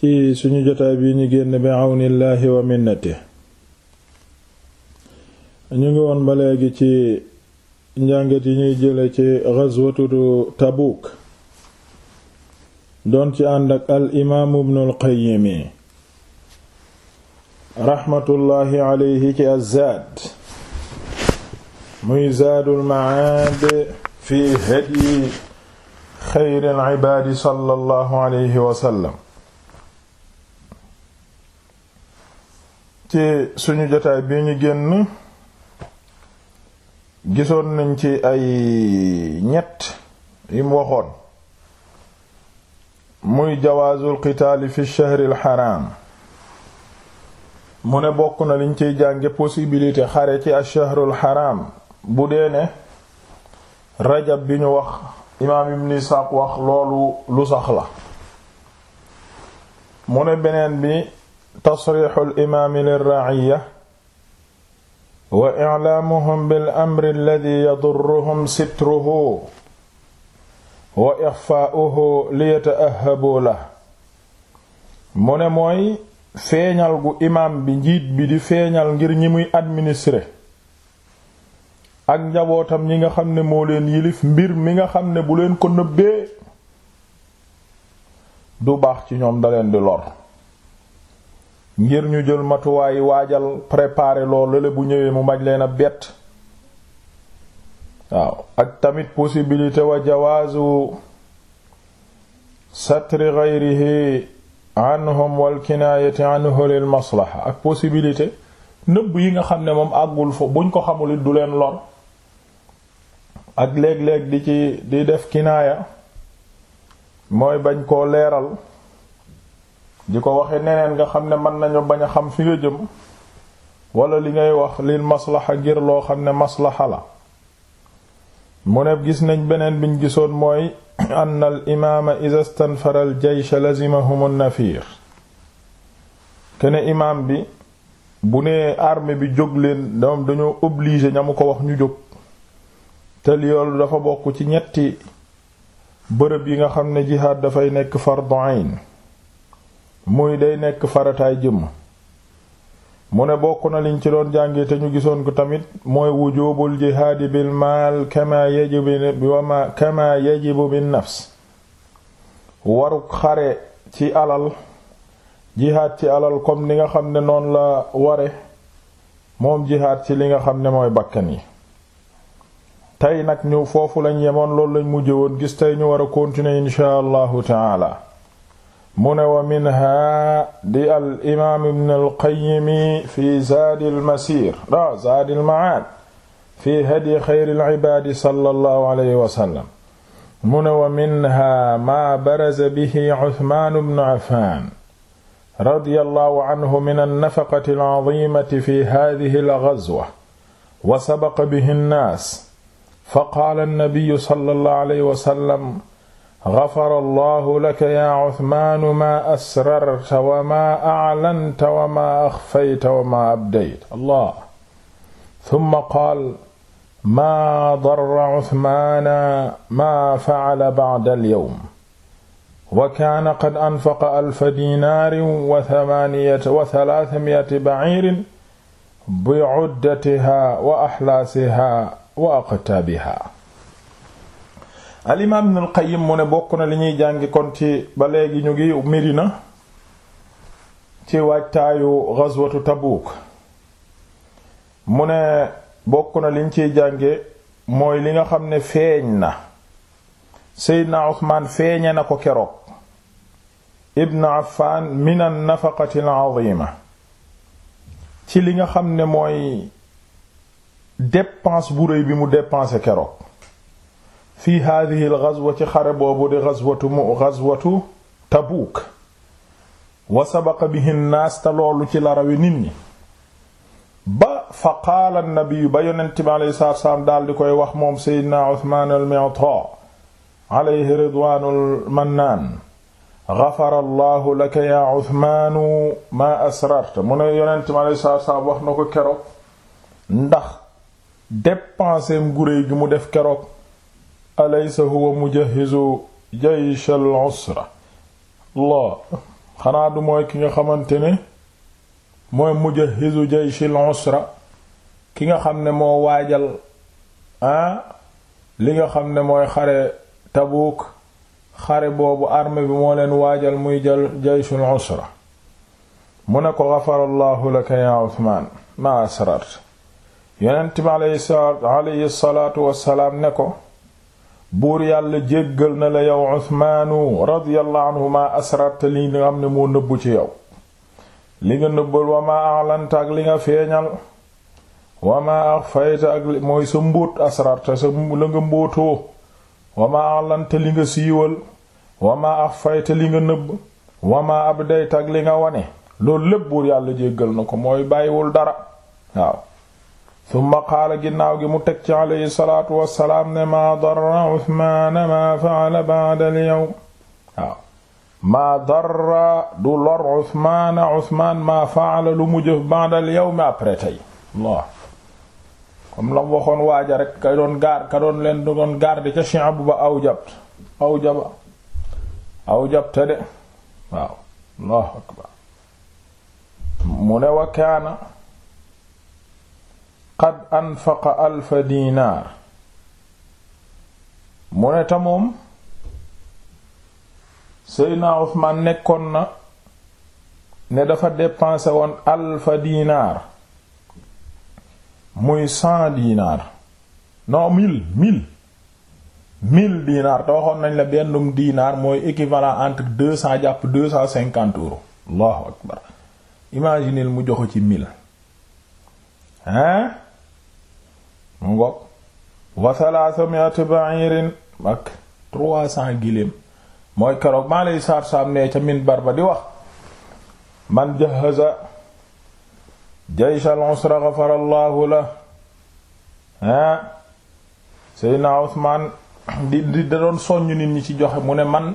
ci suñu jotaay bi ñu génn bi àwnillaahi wa minnati ñu ngi woon ba léegi ci njàngat yi ñuy jële ci ghazwatu Tabuk doon ci ànd ak al imaam ibnul qayyimi raxmatullaahi alayhi ci azzaad muy zaadul ma'aad fi hadyi xayril ibaadi sallallahu alayhi wa sallam ci suñu jotaay bii ñu génn gisoon nañ ci ay ñett yi waxoon muy jawaazul qitaali fi shahril xaraam mu ne bokk na liñ ciy jànge possibilité xare ci ashahrul xaraam bu dee ne rajab bi ñu wax imaam ibn Isaaq wax loolu lu sax la mu ne beneen bi tasrixu limaami lirraciya wa iclaamuhum bilamri alladi yadurruhum sitruhu wa ixfaauhu liyataahabuu la mu ne mooy feeñal gu imaam bi njiit bi di feeñal ngir ñi muy administrer ak njabootam ñi nga xam ne moo leen yilif mbir mi nga xam ne bu leen ko nëbbee du baax ci ñoom da leen di lor ngir ñu jël matuwaay waajal préparer loolu la bu ñëwee mu maj leen a bett waaw ak tamit possibilité wa jawaazu satri ghayrihi anhum wal kinaayati anhu lil maslaha ak possibilité nëbb yi nga xam ne moom àggul fo buñ ko xamul it du leen lool ak léeg-léeg di ci di def kinaaya mooy bañ koo leeral di ko waxe neneen nga xam ne mën nañu bañ a xam fi nga jëm wala li ngay wax lil maslaxa ngir loo xam ne maslaxa la mu ne gis nañ beneen biñ gisoon mooy ann al imaama iza stanfara al jaysh nafir kene imaam bi bu ne arme bi jóg leen doom dañoo obligé ña mu ko wax ñu jóg te yoon loolu dafa bokk ci ñetti bërëb yi nga xam ne jihaad dafay nekk fardu ayn muy day nekk farataay jëmm mu ne bokk na liñ ci doon jànge te ñu gisoon ko tamit mooy wujubul jihaadi bil maal kama yajibu wama kama yajibu bin nafs waru xare ci alal jihaad ci alal comme li nga xam ne noon la ware moom jihaad ci li nga xam ne mooy bakkan yi tey nag ñu foofu lañ yemoon loolu lañ woon gis tey ñu war a continuer insha allahu taala mu ne wa minha di al imaam ibn al qayyim fi zaadi al masiir ah zaadi al ma'aad fi hadyi xayri al ibaad sallallahu alayhi wa sallam mu ne wa minha maa baraza bihi Usmaan ibn Affaan radiyallahu anhu min an nafaqati al aziimati fi haadihi al gazwa wa sabaqa bihi an naas fa qaala an nabiyyu sallallahu alayhi wa sallam gafara allahu laka yaa Usmaanu maa asrarta wa maa aclanta wa maa axfayta wa maa abdayta allah summa qaal maa darra Usmaana maa facala bacda alyawm wa kaana qad anfaqa alfa dinaarin wa salaasami'ati baciirin bicuddatihaa wa axlaasihaa wa aqtaabihaa al imaam Ibnul mu ne bokk na li ñuy jàngi kon ci ba léegi ñu ngi Medina ci waajtaayu ghazwatu Tabuuk mu ne bokk na liñ ciy jànge mooy li nga xam ne feeñ na Seydina Usmaan feeñe na ko keroog Ibn Affaan min an-nafaqati al ci li nga xam ne mooy dépense bu rëy bi mu dépensé keroog fi hadihi al-ghazwa ci xare boobu di ghazwatu mu ghazwatu Tabuuk wa sabaqa bihi an-naas te loolu ci la rawe nit ñi ba fa qaala an-nabi ba yonent bi alayhi salaatu wa salaam daal di koy wax moom Seydina Usmaan al-Mi'taa alayhi ridwaanul mannaan ghafara Allahu laka yaa Usmaanu maa asrarta mu ne yonent bi alayhi salaatu wa salaam wax na ko keroog ndax dépensem gu réy gi mu def keroog. alaysa huwa mujahhizu jaysh al-usra Allah xanaa du mooy ki nga xamante ne mooy mujahhizu jaysh al-usra ki nga xam ne moo waajal ah li nga xam ne mooy xare Tabuuk xare boobu armée bi moo leen waajal muy jal jaysh al mu ne ko gafarallahu la ya Usmaan ma asrarta yonent bi alayhi salaatu wassalaam ne ko buur yàlla jéggal na la yow Usmaanu radiyallahu anhu ma li nga xam ne moo nëbbu ci yow li nga nëbbal wa ma a'lanta ak li nga feeñal wa ma axfayta ak mooy sa mbóot asrarta sa nga mbóotoo wa ma a'lanta li nga siiwal wa ma axfayta li nga nëbb wa ma abdayta ak li nga wane loolu lépp buur yàlla jéggal na ko mooy bàyyiwul dara waaw summa qaala ginnaaw gi mu teg ci alayhi salaatu wassalaam ne maa darra Usmaana maa fa'ala ba'da al-yawm waaw maa darra du lor Usmaana Usmaan maa fa'ala lu mu jëf ba'da al-yawm après tey Allah comme lam waxoon waaja rek ka doon gaar ka doon leen doon garde ca shi'ab ba awjabt awjaba awjabta de waaw Allahu akbar mu ne wa kaana qad anfaqa alfa dinaar mu ne ta moom seydna Usmaan nekkoon na ne dafa dépensé woon alfa dinaar muy cent dinaar non mille mil mille dinaar te waxoon nañ la bennum dinaar mooy équivalent entre deux cent jàpp deux cent cinquante euros allahu akbar imaginez mu joxe ci mille hein mu ngoog wa thalatha mi'at ak trois mooy keroog maa lay saar saam nee ca minbar ba di wax man jahaza jaysh al-usra la ah Seydina Usmaan di di da doon soññ nit ñi ci joxe mu ne man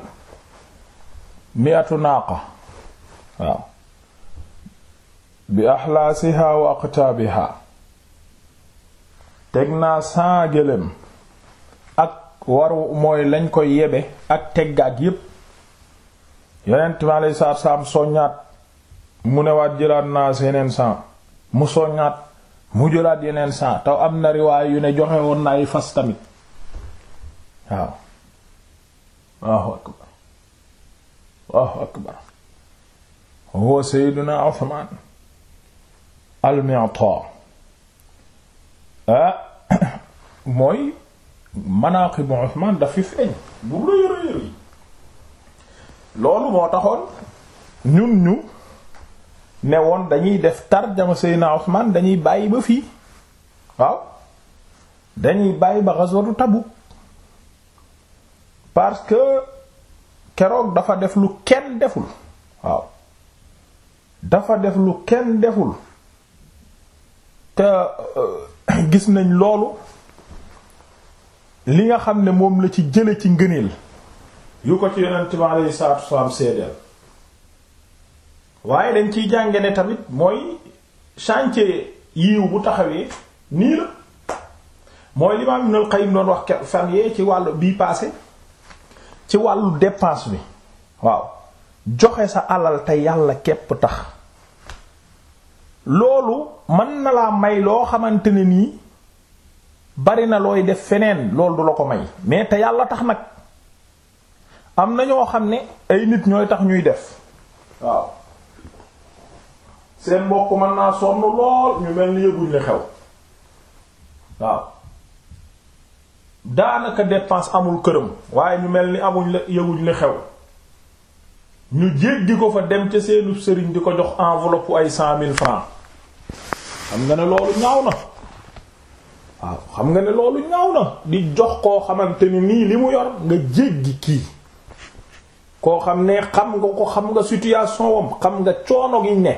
mi'atu naaqa waaw bi axlaasiha wa aqtaabiha teg naa cent gëléem ak waru mooy lañ koy yebe ak teggaat yépp yonent mi aleyhi salaatu soññaat mu newaat jëlaat naa seneen cent mu soññaat mu jëlaat yeneen cent taw am na riwaay yu ne joxe woon ay fas tamit waaw waaw akbar waaw akbar huwa sayyiduna Usmaan al-Mi'taa ah mooy manaaqibu Usmaan daf fi feeñ bu rëy rëy loolu moo taxoon ñun ñu ne woon dañuy def tarjama Seydina Usmaan dañuy bàyyi ba fii waaw dañuy bàyyi ba ghazwatu Tabuk parce que keroog dafa def lu kenn deful waaw dafa def lu kenn deful te euh, gis nañ loolu li nga xam ne moom la ci jële ci ngëneel yu ko ci yonent bi alayhi salaatu wasalaam seedeel waaye dañ ciy jànge ne tamit mooy chantier yiw bu taxawee nii la mooy li Imaam Ibnul Qayyim doon wax fan yee ci wàllu bii passé ci wàllu dépense bi waaw joxe sa alal te yàlla képp tax loolu mën na laa may loo xamante ne nii bari na looy def feneen loolu du la ko may mais te yàlla tax nag am na ñoo xam ne ay nit ñooy tax ñuy def waaw seen mbokk mën naa sonn lool ñu mel ni yëguñ li xew waaw daanaka dépense amul këram waaye ñu mel ni amuñ la yëguñ li xew ñu jéggi ko fa dem ca seenu sëriñ di ko jox enveloppe ay cent mille francs xam nga ne loolu ñaaw na waaw xam nga ne loolu ñaaw na di jox koo xamante ni nii li mu yor nga jéggi kii koo xam ne xam nga ko xam nga situation wam xam nga coono gi ne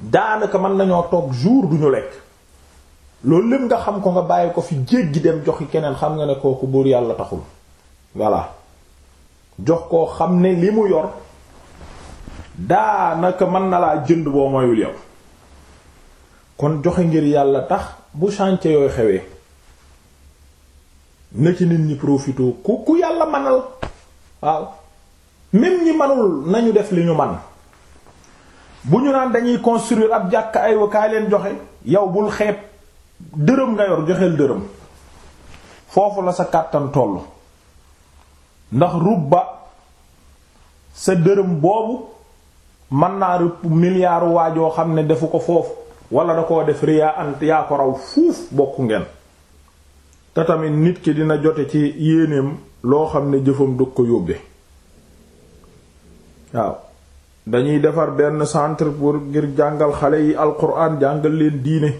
daanaka mën nañoo toog jour duñu lekk loolu lépp nga xam ko nga bàyyi ko fi jéggi dem joxi keneen xam nga ne kooku buur yàlla taxul voilà jox koo xam ne li mu yor daanaka mën na laa jënd boo moyul yow kon joxe ngir yàlla tax bu chantier yooyu xewee na ci nit ñi profité ku ku yàlla manal waaw même ñi manul nañu def li ñu man bu ñu naan dañuy construire ab jàkk ay wakaay leen joxe yow bul xeeb dërëm nga yor joxeel dërëm foofu la sa kàttan tollu ndax rubba sa dërëm boobu mën naa rëpp milliard waajoo xam ne defu ko foofu wala da koo def riyaa ant yaa ko raw fuuf bokku ngeen te tamit nit ki dina jote ci yéenéem loo xam ne jëfam du ko yóbbe waaw dañuy defar benn centre pour ngir jàngal xale yi alquran jàngal leen diine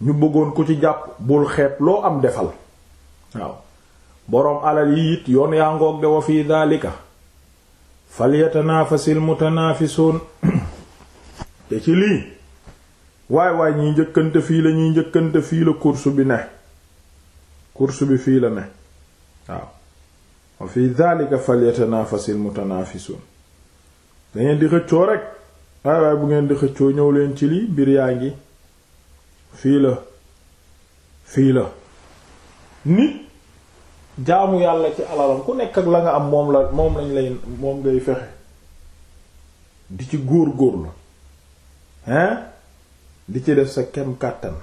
ñu bëggoon ku ci jàpp bul xeeb loo am defal waaw boroom alal yi it yoon yaa ngoog de wa fi daalika falyatanaafasil mutanaafisuun te ci lii waay waay ñiy njëkkante fii la ñuy njëkkante fii la course bi ne course bi fii la ne waaw wa fi daalika falyatanaafasil mutanaafisuun da di xëccoo rek waay waay bu ngeen di xëccoo ñëw leen ci lii mbir yaa ngi fii la fii la nit jaamu yàlla ci alalam ku nekk ak la nga am moom la moom lañ lay moom ngay fexe di ci góor góorlu hein di ci def sa kem kàttan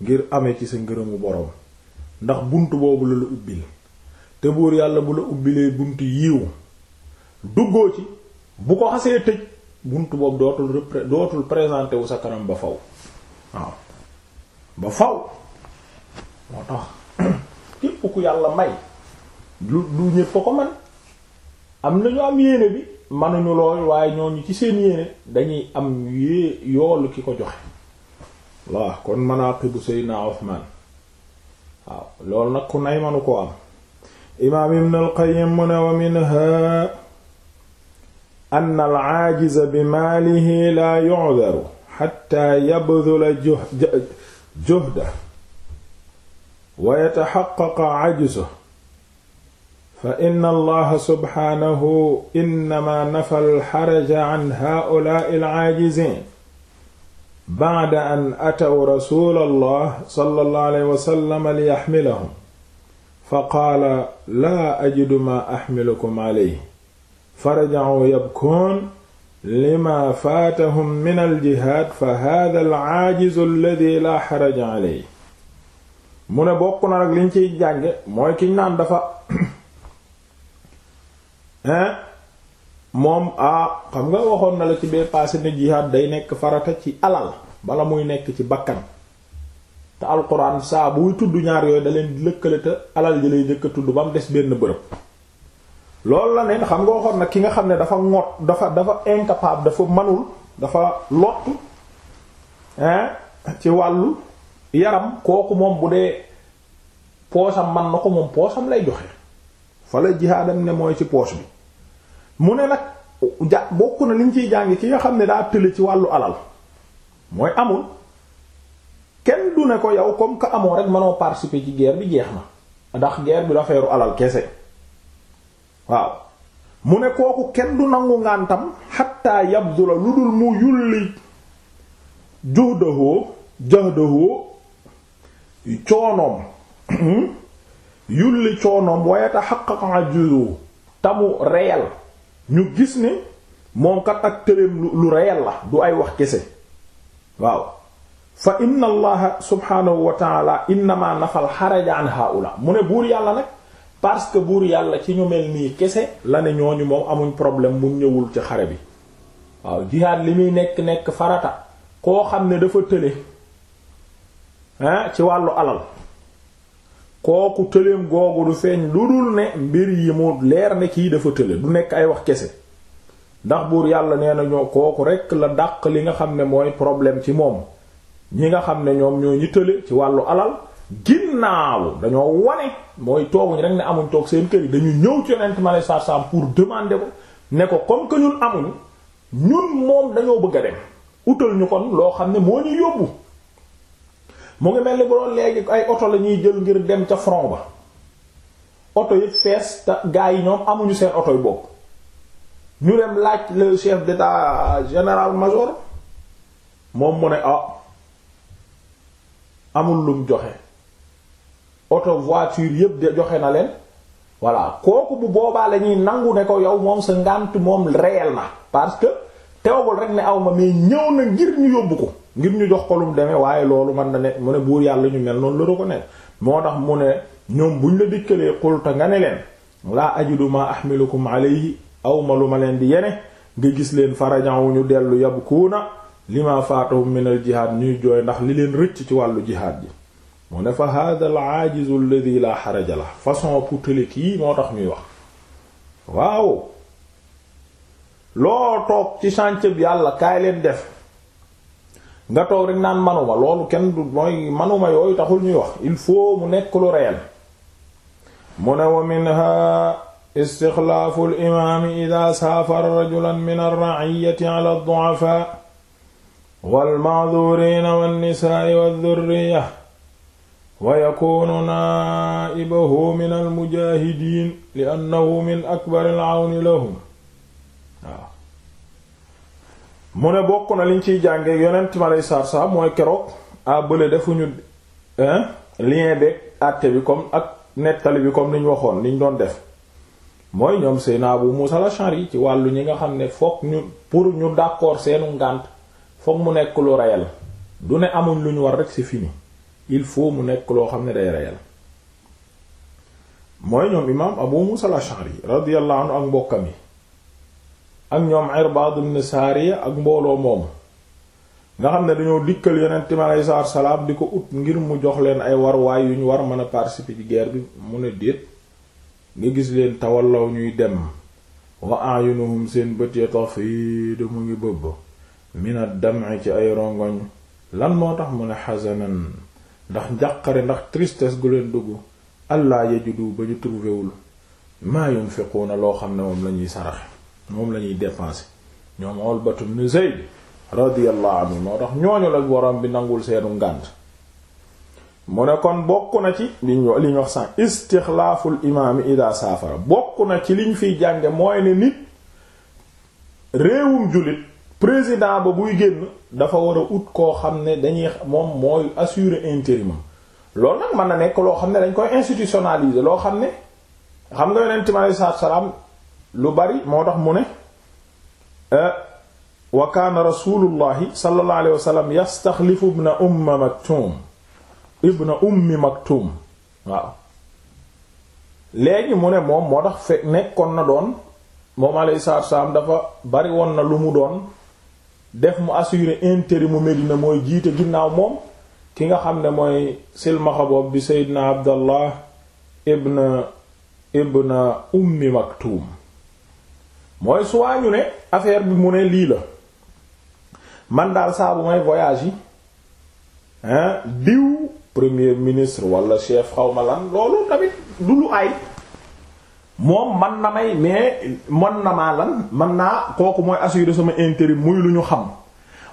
ngir amee ci sa ngërëmu boroom ndax bunt boobu la la te buur yàlla bu la ubbilee bunt yiw duggoo ci bu ko xasee tëj bunt boobu dootul repré dootul présenté wu sa kanam ba faw waaw ba faw moo tax képp ku yàlla may lu du ñépp ko man am nañu am yéene bi manuñu lool waaye ñooñu ci seen yéene dañuy am yée yoolu ki ko joxe waa kon manaaqibu Seydina Usmaan waaw loolu nag ku nay manu ko am imaam ibn al-Qayyim mu ne wa minha an al-aajiza bi maalihi laa yu'daru hatta yabdhula juhda wa yataxaqaqa ajzuhu fa inna allaha subxaanahu innama nafa alxaraja an haa'ulaa'i al'aajiziin ba'da an ataw rasuulallah sallallahu alayhi wa sallam liyaxmilahum fa qaala laa ajidu maa axmilukum alayhi farajacuu yabkuun limaa faatahum min aljihaad fa haadha al'aajizu alladii laa xaraja alayhi mu ne bokk na rek liñ ciy jànge mooy kiñ naan dafa moom ah xam nga waxoon na la ci bee passé ne jihaad day nekk farata ci alal bala muy nekk ci bakkan te alquran saa buy tudd ñaar yooyu da leen alal ji lay jëkk tudd ba mu des benn bërëb loolu la neen xam nga waxoon nag ki nga xam ne dafa ŋot dafa dafa incapable dafa manul dafa lott ci wàllu yaram kooku moom bu dee poosam man na ko moom poosam lay joxe fa la jihaadam ne mooy ci poos bi mu ne nag ja bokk na liñ ciy jàng ki nga xam ne daa tële ci wàllu alal mooy amul kenn du ne ko yow comme que amoon rek mënoo participer ci guerre bi jeex na ndax guerre bi dafeeru alal kese waaw mu ne kooku kenn du nangu ngantam xatta yabdula lu dul mu yulli juhdahu jahdahu coonoom hmm? yulli coonoom wayata xaqaqa ajuzu tamu reyal ñu gis ne moom kat ak tëreem lu reyal la du ay wax kese waaw fa inna allaha subhaanahu wa taala nafal xaraja haula mu ne buur yàlla nag parce que buur yàlla ci ñu mel nii kese la ne ñooñu moom amuñ problème mu ñëwul ci xare bi waaw jihaad li muy nekk nekk farata koo xam ne dafa tële ci wàllu alal kooku tëleem googu du feeñ lu dul ne mbir yi mu leer ne kii dafa tële du nekk ay wax kese ndax buur yàlla nee nañoo kooku rekk la dàq li nga xam ne mooy problème ci moom ñi nga xam ne ñoom ñoo ñi tële ci wàllu alal ginnaaw dañoo wane mooy tooguñ rek ne amuñ toog seen kër yi dañu ñëw ci yonent ma lay sarsam pour demande ko ne ko comme que ñun amuñ ñun moom dañoo bëgg a dem utal ñu kon loo xam ne moo ñu yóbbu mu ngi mel ni bu doon léegi ay oto la ñuy jël ngir dem ca front ba oto yëpp fees te gaa yi ñoom amuñu seen oto yu bopp ñu dem laaj le chef d'état général major moom mu ne ah amul lum joxe oto voiture yëpp de joxe na leen voilà kooku bu boobaa la ñuy nangu ne ko yow moom sa ngànt moom réel na parce que teewul rek ne aw ma mais ñëw na ngir ñu yóbbu ko. ngir ñu jox ko lu mu waaye loolu man na ne mu ne buur yàlla ñu mel noonu la da ko ne moo tax mu ne ñoom buñ la dikkalee xulta nga ne leen laa ajidu ma ahmilukum alayhi awma lu ma leen di yene nga gis leen wu ñu dellu yabkuuna lima faatahum min al jihaad ñuy jooy ndax li leen rëcc ci wàllu jihaad ji mu ne fa hada al aajizu alladhi la xaraja la façon putale kii moo tax ñuy wax waaw loo toog ci chantier yàlla kaay leen def nga toog rek naan manuma loolu kenn du mooy manuma yooyu taxul ñuy wax il faut mu nekk lu réel mu ne wa minha istixlaafu alimaami ida saafara rajulan min alraciyati ala alducafaa walmacduriina walnisaai waaldurriya wa yakuunu naaibahu min almujaahidiin li annahu min akbar alcawni lahum waaw mu ne bokk na liñ ciy jàngee yonent ma lay saar saar mooy keroog a ah, bële defuñu lien beeg àtte bi comme ak nettali bi comme niñ waxoon niñ doon def mooy ñoom seen Abu Muusa al-Ash'ari ci wàllu ñi nga xam ne fokk ñu pour ñu d'accord seenu ngànt fokk mu nekk lu réel du ne amuñ lu ñu war rek c'est fini il faut mu nekk loo xam ne day réel mooy ñoom imaam Abu Muusa al yi radiyallahu anhu ak mbokkam yi ak ñoom Irbaad ibn Saariya ak mbooloo moomu nga xam ne dañoo dikkal yonent mi aleyhi salaatu wa salaam di ko ut ngir mu jox leen ay warwaay yu ñu war mën a participer ci guerre bi mu ne déet nga gis leen tawallaw ñuy dem wa ayunuhum seen bët ya tafiidu mu ngi bëbb mina dam'i ci ay rongoñ lan moo tax mu ne xasanan ndax njàqare ndax tristesse gu leen dugg allah yajudu ba ñu trouvéwul maa yunfiquuna loo xam ne moom lañuy saraxe moom la ñuy dépenser ñoom ni ibn Zayd radiyallahu anhu moo tax ñooñu la borom bi nangul seenu ngànt mu ne kon bokk na ci li ñu li ñu wax sànq istixlaaful imaami ida saafara bokk na ci liñ fiy jànge mooy ne nit réewum jullit président ba buy génn dafa war a ut koo xam ne dañuy moom mooy assurer intérim loolu nag mën na nekk loo xam ne dañ koy institutionnaliser loo xam ne xam nga yonent mi alayhi salaatu salaam lu bari moo tax mu ne wa kaana rasulullahi sallallahu alayhi wa sallam yastaxlifu ibna umma maktum ibna ummi maktum waaw léegi mu ne moom moo tax fekk nekkoon na doon moom alayhi salaatu salaam dafa bari woon na lu mu doon def mu assurer intérim mu Medina mooy jiite ginnaaw moom ki nga xam ne mooy silmaxa boobu bi Seydina Abdallah ibna ibna ummi maktum mooy soit ñu ne affaire bi mu ne lii la man daal saa bu may voyage yi diw premier ministre wala chef xaw ma lan loolu tamit du lu ay moom man na may mais man na maa lan man naa kooku mooy assurer sama intérim muy lu ñu xam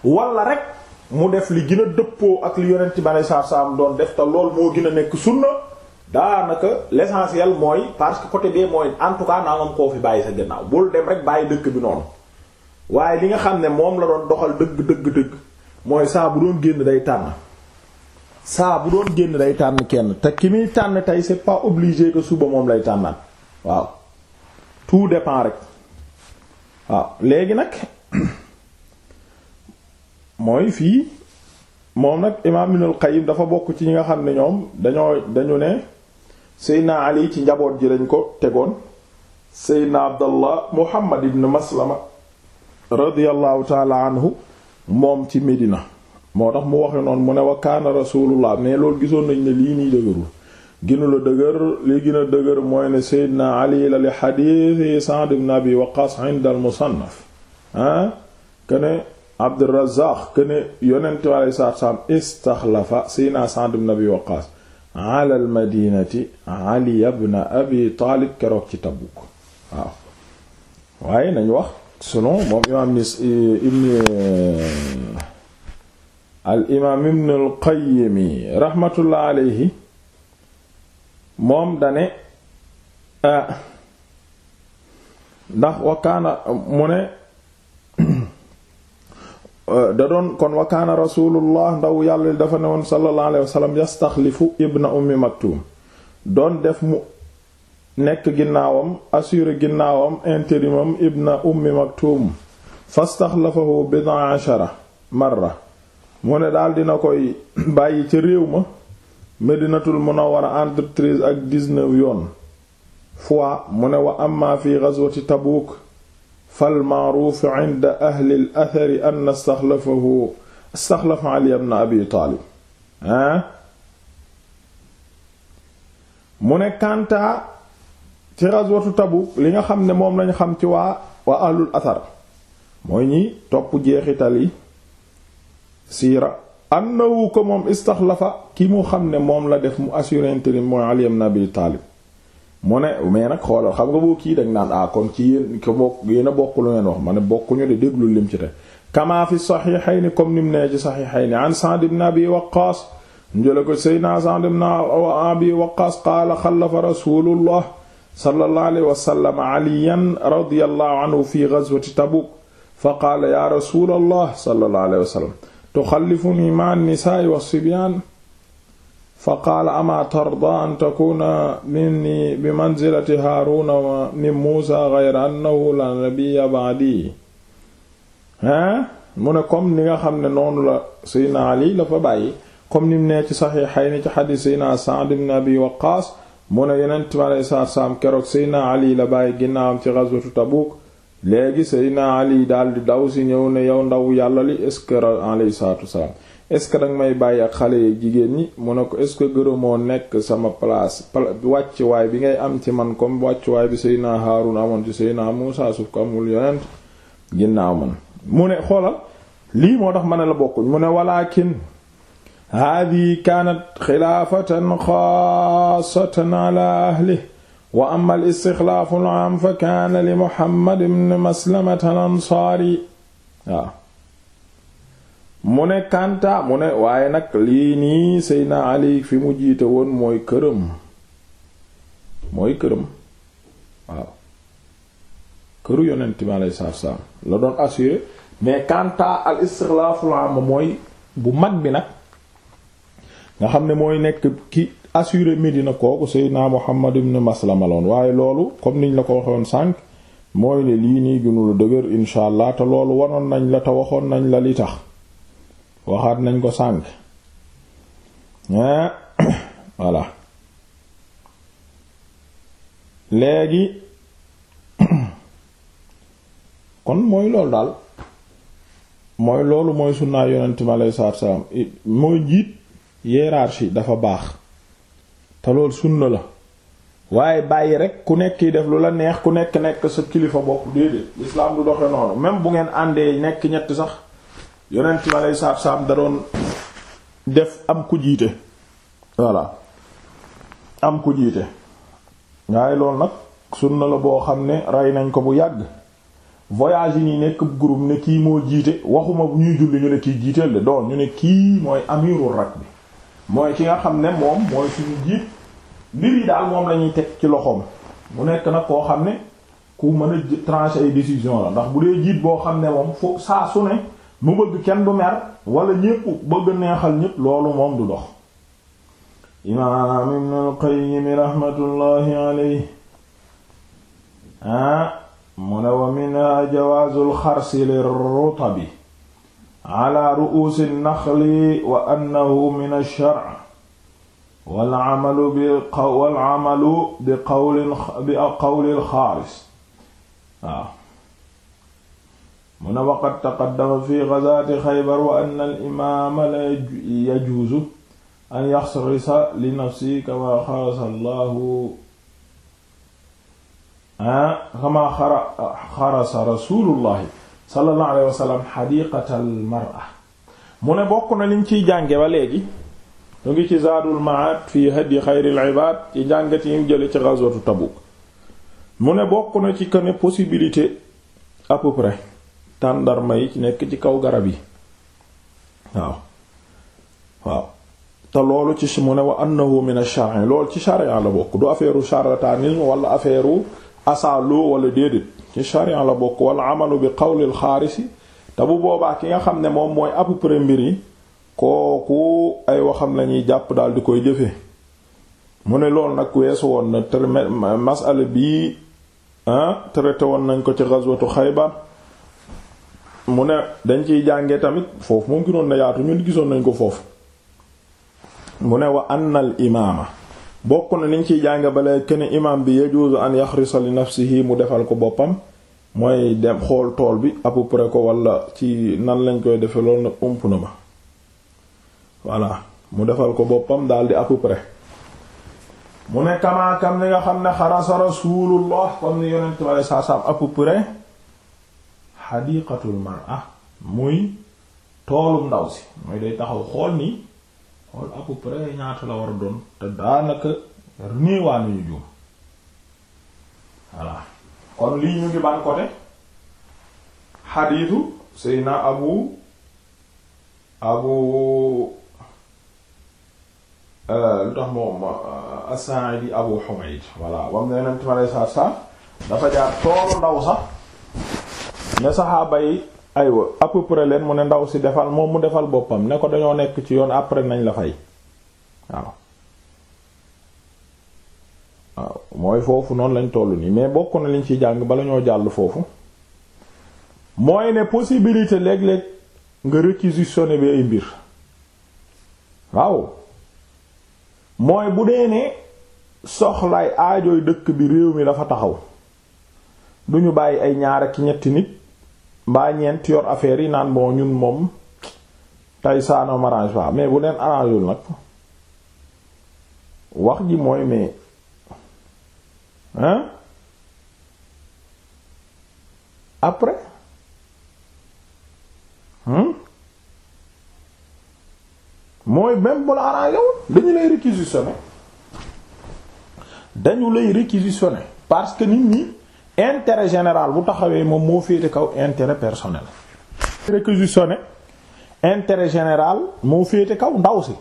wala rek mu def li gën a dëppoo ak li yonent bi aleyhi salaatu salaam doon def te lool moo gën a nekk sunna daanaka l'essentiel mooy parce que côté bee mooy en tout koo fi bàyyi sa gannaaw bul dem rek bàyyi dëkk bi noonu waaye li nga xam ne moom la doon doxal dëgg dëgg dëgg mooy saa bu doon génn day tànn saa bu doon génn day tànn kenn te ki muy tànn tey c'est pas obligé que suba moom lay tànnaat waaw tout dépend rek waaw léegi nag mooy fii moom nag imaam Ibnul Qayyim dafa bokk ci ñi nga xam ne ñoom dañoo dañu ne. seydna ali ci njaboot ji lañ ko tegoon seydna abdallah muhammad ibn maslama radiallahu taala anhu moom ci Medina moo tax mu waxe mu ne wa kaana rasulullah mais loolu gisoon nañ ne lii nii dëgërul gënula dëgër li gën a dëgër mooy ne seydna ali la li xadiisi Sa'd ibn abi waqas inda musannaf ah kene abdurazaq kene yonente bi istaxlafa seydna Sa'd ibn abi waqas ala al madinati ali ibn abi taalib keroog ci tabuk waaw waaye nañ wax selon moom imaam ibn al imaam ibn al qayyimi raxmatullah alayhi moom dane ah, ndax wa kaana mu ne Euh, da doon kon wa kaana rasulullah ndaw yàlla dafa ne woon sallallahu alayhi wa sallam yastaxlifu ibna ummi maktum doon def mu nekk ginnaawam assuré ginnaawam intérimam ibna ummi maktum fastaxlafahu bid'a ashara marra mu ne daal dina koy bàyyi ca réew ma medinatul munawwara entre treize ak dix-neuf yoon fois mu ne wa amma fi ghazwati Tabuk falmaaruuf inda ahli l athari ann staxlafahu staxlafa ali ibn abi mu ne kàntaa ci ghazwatu Tabuk li nga xam ne moom lañ xam ci waa waa ahlul athar mooy ñi topp jeexital yi siira annahu ko moom istaxlafa ki mu xam ne moom la def mu assuré intérim mooy ali ibn abi taalib mu ne mais nag xoolal xam nga boo kii dañ naan ah kon ci yéen ko bokk yéen a bokk lu ngeen wax ma ne bokkuñu de déglu lim ci te kama fi saxiixayni comme nim nee ci saxiixayni an Sa'd ibn Abi Waqqaas njële ko Seydina Sa'd ibn Abi Waqqaas qaala xalafa rasuulullah sallallahu alayhi wa sallam Aliyan radiyallahu anhu fi ghazwati Tabuk fa qaala ya rasuulallah sallallahu alayhi wa sallam tuxallifuni ma'a an-nisaa'i was-sibyaan fa qaala ama tarda an takuna minni bi manzilati haaruna wa min muusa ghayra annahu la nabiyya ba'di hein mu ne comme ni nga xam ne noonu la seydna ali la fa bàyyi comme nim nee ci saxiixayni ci xadiis seydna sa'd ibn abi waqaas mu ne yonent mi alayhi salaatu salaam keroog seydna ali la bàyyi ginnaawam ci ghazwatu Tabuk léegi seydna ali daldi daw si ñëw ne yow ndaw yàlla li est-ce que alayhi salaatu salaam est-ce que danga may bàyyi ak xale yi jigéen ñi mu ne ko est que gërëmoo nekk sama place wàccuwaay bi ngay am ci man comme wàccuwaay bi Seydina Haaruna amoon ci Seydina Muusaa suuf ko amul yonent ginnaaw man mu ne xoolal lii moo tax ma ne la bokkuñ mu ne walaakin haadi kaanat xilaafatan xaasatan ahli waaw mu ne kanta mu ne waaye nag lii nii Seydina Ali fi mu jiite woon mooy këram mooy këram waaw këru yonent mi alayhi salaatu salaam la doon assuré mais kanta al istighlaaful am mooy bu mag bi nag nga xam ne mooy nekk ki assuré Medina kooku Seydina Muhammad ibn Maslama loon waaye loolu comme niñ la ko waxoon sànq mooy ne lii nii gënul dëgër insha allah te loolu wanoon nañ la te waxoon nañ la li tax waxaat nañ ko sànk ah, voilà léegi kon mooy loolu daal mooy loolu mooy sunnaa yonent mi aleyhi salaatu salaam mooy njiit hiérarchie dafa baax te loolu sunna la waaye bàyyi rek ku nekk def lu la neex ku nekk nekk sa kilifa bopp déedéet lislaam du doxe noonu même bu ngeen àndee nekk ñett sax yeneen mi aleyhi salaatu salaam da doon def am ku jiite voilà am ku jiite waaye loolu nag na la boo xam ne rey nañ ko bu yàgg voyage yi nekk groupe ne kii moo jiite waxuma ñuy julli ñu ne kii jiiteel de doon ñu ne kii mooy amirul bi mooy ki nga xam ne moom mooy suñu jiit mbir yi daal moom lañuy teg ci loxoom mu nekk nag koo xam ne ku mën a trancher ay décision la ndax bu dee jiit boo xam ne moom fo saa su ne mu bëgg kenn du mer wala ñépp bëgg neexal ñépp loolu moom du dox imaam ibn al-Qayyim raxmatullaahi alayhi ah mu ne wa minha jawaazul xarsi lirrutabi ala ru'uusi nnaxli wa annahu min ash-shar'i wal amalu bi wal amalu bi qawlin bi qawlil xaaris waaw mu ne waqad taqaddama fi ghazaati xaybar wa anna al imaama la yajuuzu an yaxrisa li nafsi kama xarasa allahu ah, kama xarasa rasulullahi sallallahu alayhi wa sallam xadiqatal mar'a mu ne bokk na liñ ciy jànge ba léegi ñu ngi ci zaadul ma'aad fi hadi xayril ibaad ci jàngat yi ñu jële ci ghazwatu Tabuk mu ne bokk na ci que ne possibilité à peu tàndarma yi nekk ci kaw garab yi waaw waaw te loolu ci mu ne wa annahu min ash-shar'i loolu ci sharia la bokk du affaire charlatanisme wala affaire asalo wala déedéet ci sharia la bokk wala amalu bi qawlil xaarisi te bu boobaa ki nga xam ne moom mooy à peu yi kooku ay waxam lañuy jàpp daal di koy jëfe mu ne loolu nag weesu woon na masala bii traité woon nañ ko ci ghazwatu Xaybar mu ne dañ ci jànge tamit foofu moom ginoon na yaatu ñun gisoon nañ ko foofu mu ne wa annal imaama bokk na niñ ciy jànge bala kenn imaam bi yajuzu an yaxrisa li nafsihi mu defal ko boppam mooy dem xool tool bi à pre ko wala ci nan lañ koy defe loolu nag ump na ma voilà mu defal ko boppam daldi à peu près mu ne kamaakam ni nga xam ne xarasa rasulullah comme ni yonent bi sallallahu alayhi xadiqatul mar'a muy toolum ndaw si mooy day taxaw xool nii xool à peu ñaata la war a doon te daanaka niiwaanuñu juum voilà kon lii ñu ngi ban côté xadiitu seyna abu abu euh, lu tax moom as-Sa'idi abu Humayd voilà bam ne neen time dafa jaar toolu ndaw sax ne saxaaba yi aywa à peu leen mu ne ndaw si defal moom mu defal boppam ne ko dañoo nekk ci yoon après nañ la fay waaw mooy foofu noonu lañ toll nii mais bokk na liñ ciy jàng bala ñoo jàll foofu mooy ne possibilité léeg-léeg nga réquisitionné bi ay mbir waaw mooy bu dee ne soxlaay aajooy dëkk bi réew mi dafa taxaw duñu bàyyi ay ñaar ak ñetti nit mbaa ñeent yor affaire yi naan bon ñun moom tey saana m'arrange pas mais bu leen arrangewul nag wax ji mooy mais hein après hein hmm? mooy même bu la arrangé woon dañu lay réquisitionner dañu lay réquisitionner parce que nit ñi intérêt général bu taxawee moom moo féete kaw intérêt personnel réquisitionné intérêt général moo féete kaw ndaw si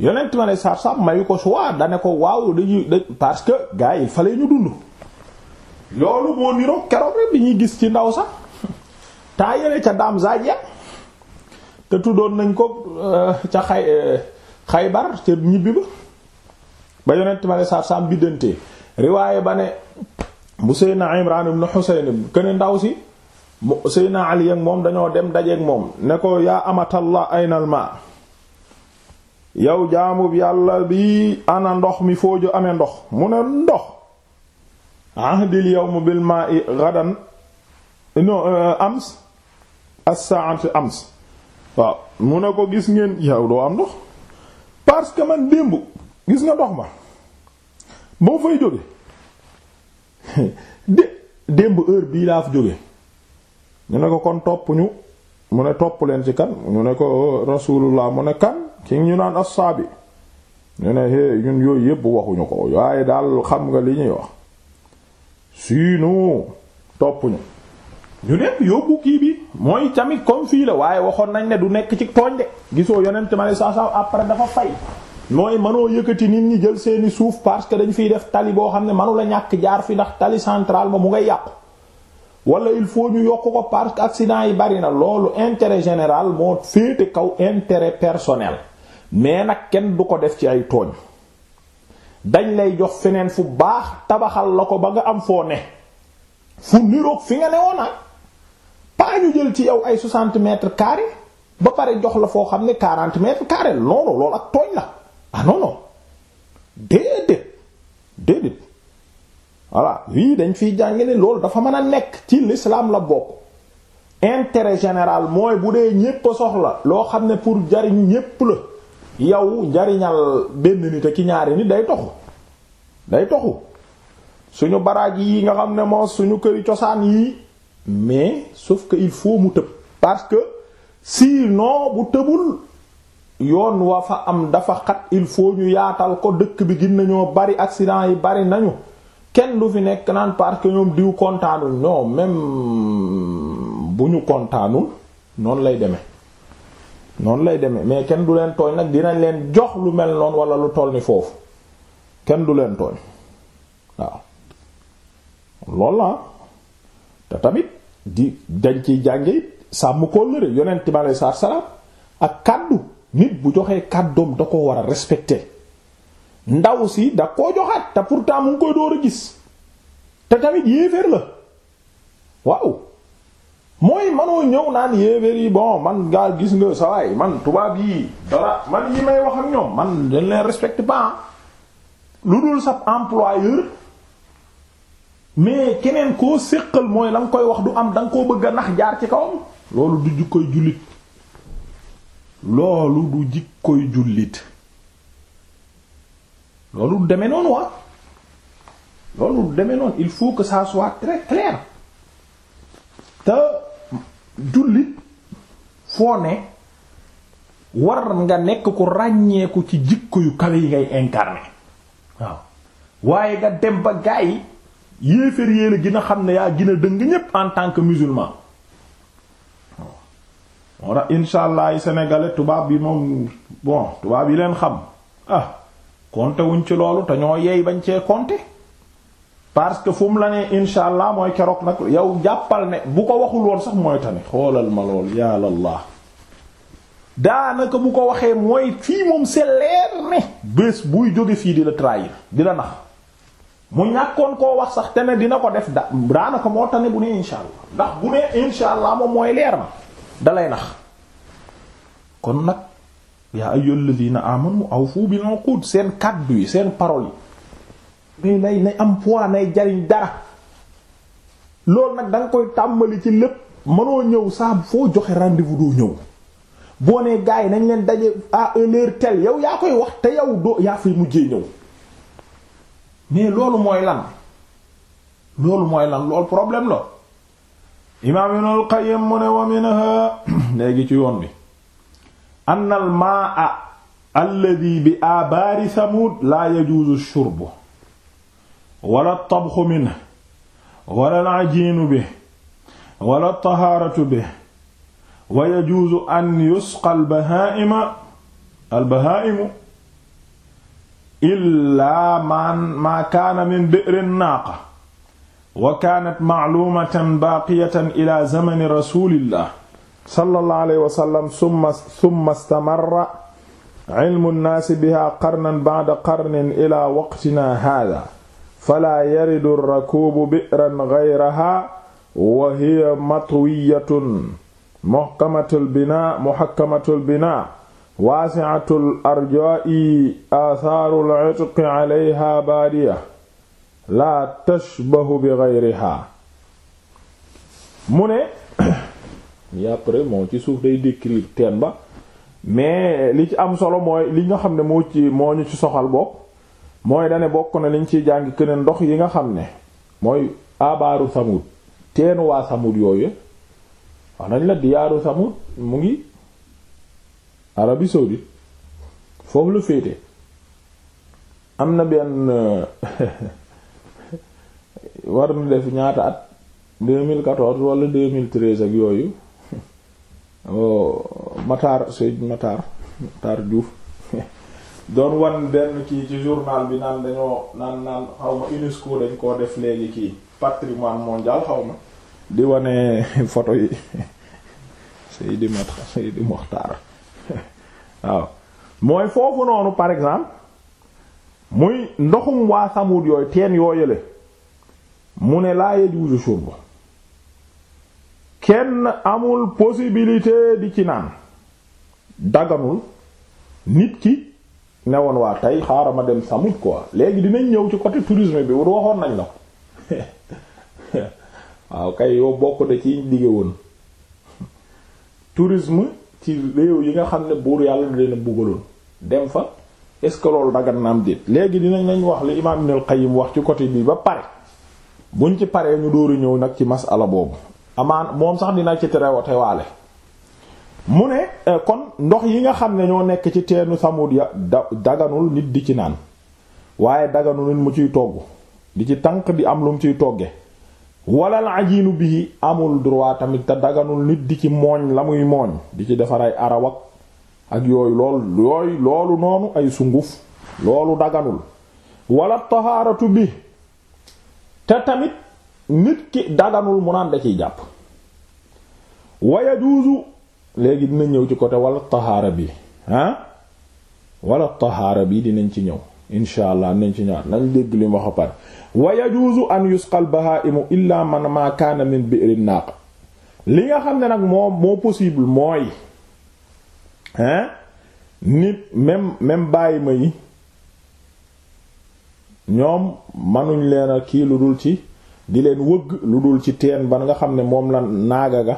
yonent ma ne sar sab mayu ko choix dane ko waaw dañuy da parce que gars yi fale ñu dund loolu moo niroog keroog rek bi ñuy gis ci ndaw sax temps yële ca daam zadia te tuddoon nañ ko euh, ca xay euh, xaybar ca ñibbi ba ba yonent ma ne sar biddantee riwaaye ba ne bu Seydina Imran ibn Husayn kenn ndaw si Seydina Ali ak moom dañoo dem dajeeg moom ne ko yaa amatallah aynal ma yow jaamub yàlla bi ana ndox mi foo amee ndox mu ne ndox ahdil yawm bil ma'i ghadan no eh, ams as ams waaw mu ne ko gis ngeen yow doo am ndox parce que man démb gis nga ndox ma boo fay jóge dé démb heure bii laa fi jóge ñu ne ko kon topp ñu mu ne topp leen ci kan ñu ne ko oh, rasulullah mu ne kan ki ñu naan assaabi ñu ne é ñun yooyu yépp waxuñu ko waaye daal xam nga li ñuy wax siinu topp ñu ñu nekk yóbbu kii bi mooy tamit comme fii la waaye waxoon nañ ne du nekk ci tooñ de gisoo yeneen ma saa saa après dafa fay nooy mënoo yëkkati nit ñi jël seeni suuf parce que dañu fiy def tali boo xam ne mënu la ñàkk jaar fi ndax tali centrale ba mu ngay yàqu wala il faut ñu yokk ko parce que accident yi bari na loolu intérêt général moo féete kaw intérêt personnel mais nag kenn du ko def ci ay tooñ dañ lay jox feneen fu baax tabaxal la ko ba nga am foo ne fu niroog fi nga ne woona paa ñu jël ci yow ay 60 mètres ba pare jox la foo xam ne 40 mètres carrés loolu loolu ak tooñ la ah non non déedéet déedéet voilà wii dañ fi jàngi ne loolu dafa mën a nekk ci l'islam la bokk intérêt général mooy bu dee ñépp a soxla loo xam ne pour jariñ ñépp la yow jariñal benn nit ak ñaari nit day toxu day toxu suñu baraaj yi nga xam ne moo suñu këri cosaan yi mais sauf que il faut mu tëb parce que sinon bu tëbul yoon wa fa am dafa xat il faut ñu yaatal ko dëkk bi gin nañoo bari accident yi bari nañu kenn du fi nekk naan parce que ñoom diw kontaanul non même bu ñu kontaanul noonu lay deme noonu lay demee mais kenn du leen tooñ nag dinañ leen jox lu mel noonu wala lu toll foofu kenn du leen tooñ waaw loolu la te tamit di dañ ci jànge sàmm kóllëre yonent bi aleyhi salaatu wa salaam ak kàddu nit bu joxee kàddoom da ko war a respecter ndaw si da koo joxaat te pourtant mu ngi koy door a gis te tamit yéeféer la waaw mooy manoo ñëw naan yéeféer yi bon man gaal gis nga sawaay man tubaab yi dara man yi may wax ak ñoom man dañ leen respecte pas lu dul sab employeur mais keneen koo séqal mooy la nga koy wax du am danga koo bëgg a nax jaar ci kawam loolu du ju koy jullit loolu du jikkoy jullit loolu du demee noonu waa ah. loolu du demee noonu il faut que ça soit très clair te jullit foo ne war nga nekk ko ràññeeku ci jikko yu kawe yi ngay incarné waaw waaye nga dem ba gaa yi yéeféer yéela gën a xam ne yaa gën dëng ñépp en tant que musulman moo tax insha allah ay sénégalais tubaab bi moom bon tubaab yi leen xam ah compter ci loolu te ñoo yeey bañ cee compter parce que fu mu la nee insha allah mooy keroog nag yow jàppal ne bu ko waxul woon sax mooy tane xoolal ma lool yàlla allah daanaka bu ko waxee mooy fii moom c'est leer ne bés buy jóge fii di la trahir di la nax mu ñàkkoon koo wax sax te ne dina ko def da daanaka moo tane bu ne insha ndax bu ne insha allah moom mooy leer na dalay nax kon nag yaa ayyul ladina amanu awfu bil uqud seen kàddu yi seen parole yi nay nay am poids nay jariñ dara loolu nag da koy tàmbali ci lépp mënoo ñëw saa foo joxe rendez-vous doo ñëw boo ne gars yi nañ leen daje à une heure telle yow yaa koy wax te yow doo yaa fay mujjee ñëw mais loolu mooy lan loolu mooy lan loolu problème la imaam Ibnul Qayyim mu ne wa minha léegi ci yoon bi anna al maa alladi bi abaari Samuud laa yajuuzu shurbu wala tabxu minhu wala al-ajiinu bihi wala tahaaratu bihi wa yajuuzu an yusqa al-bahaa'ima al-bahaa'imu illaa maa kaana min bi'ri an-naaqa wa kaanat ma'luumatan baaqiyatan ila zamani rasulillah sallallahu alayhi wa sallam summa summa istamarra ilmu nnaasi biha qarnan ba'da qarnin ila waqtina haadha fala yaridu rakuubu bi'ran ghayraha wa hiya matwiyatun muhkamatul binaa muhakkamatul binaa waasi'atul arjaa'i aathaarul 'itqi 'alayha baadiya la laa tashbahu bi ghayriha mu ne ni rek moom ci suuf day décrire teen ba mais li ci am solo mooy li nga xam ne moo ci moo ci soxal bopp mooy bokk na liñ ciy jàng keneen ndox yi nga xam ne mooy abaaru samud teenu waa samud yooyu wax nañ la diyaaru samud mu ngi Arabie saoudite foofu la féete am na benn war na def ñaata at 2014 wala 2013 ak yooyu oh, Matar Sëñ Matar Matar Diouf doon wan benn kii ci journal bi naan dañoo naan naan xawma UNESCO dañ koo def léegi kii patrimoine mondial xawma di wane photo yi Seydi Matar Seydi Mokhtar waaw mooy foofu noonu par exemple muy ndoxum waa Samuud yooyu teen yooyale mu ne laa yajuuzu shurbu kenn amul possibilité di ci naan daganul nit ki ne woon waa tey xaaral ma dem samut quoi léegi dinañ ñëw ci côté tourisme bi wut waxoon nañ la ko waaw kay yow bokk de ci digge woon tourisme ci réew yi nga xam ne buur yàlla da leen bëggaloon dem fa est ce que loolu dagan na am déet léegi dinañ lañ wax li imaam Ibnul Qayyim wax ci côté bii ba pare buñ ci paree ñu dóoru ñëw nag ci masala boobu amaan moom sax dina ci terewote waale mu ne eh, kon ndox yi nga xam ne ñoo nekk ci teenu samud ya da daganul nit di ci naan waaye daganu nit mu ciy togg di ci tànk di am lu mu ciy togge walal ajiinu bi amul droit tamit te daganul nit di ci mooñ la muy mooñ di ci defar ay arawak ak yooyu loolu yooyu loolu noonu ay sunguf loolu daganul wala tahaaratu bi te tamit nit ki daganul mu naan da ciy jàpp waya juuzu léegi dina ñëw ci côté wala tahaara bi ah wala tahaara bi dinañ ci ñëw insha allah dinañ ci ñaar nañ dégg li mu wax a pare wa yajuuzu an yusqal bahaimu illa man ma kaana min bi'rin naaq li nga xam ne nag moo moo possible mooy hein nit même même bàyyi ma yi ñoom manuñ leen a kii lu dul ci di leen wëgg lu dul ci teen ba nga xam ne moom la naaga ga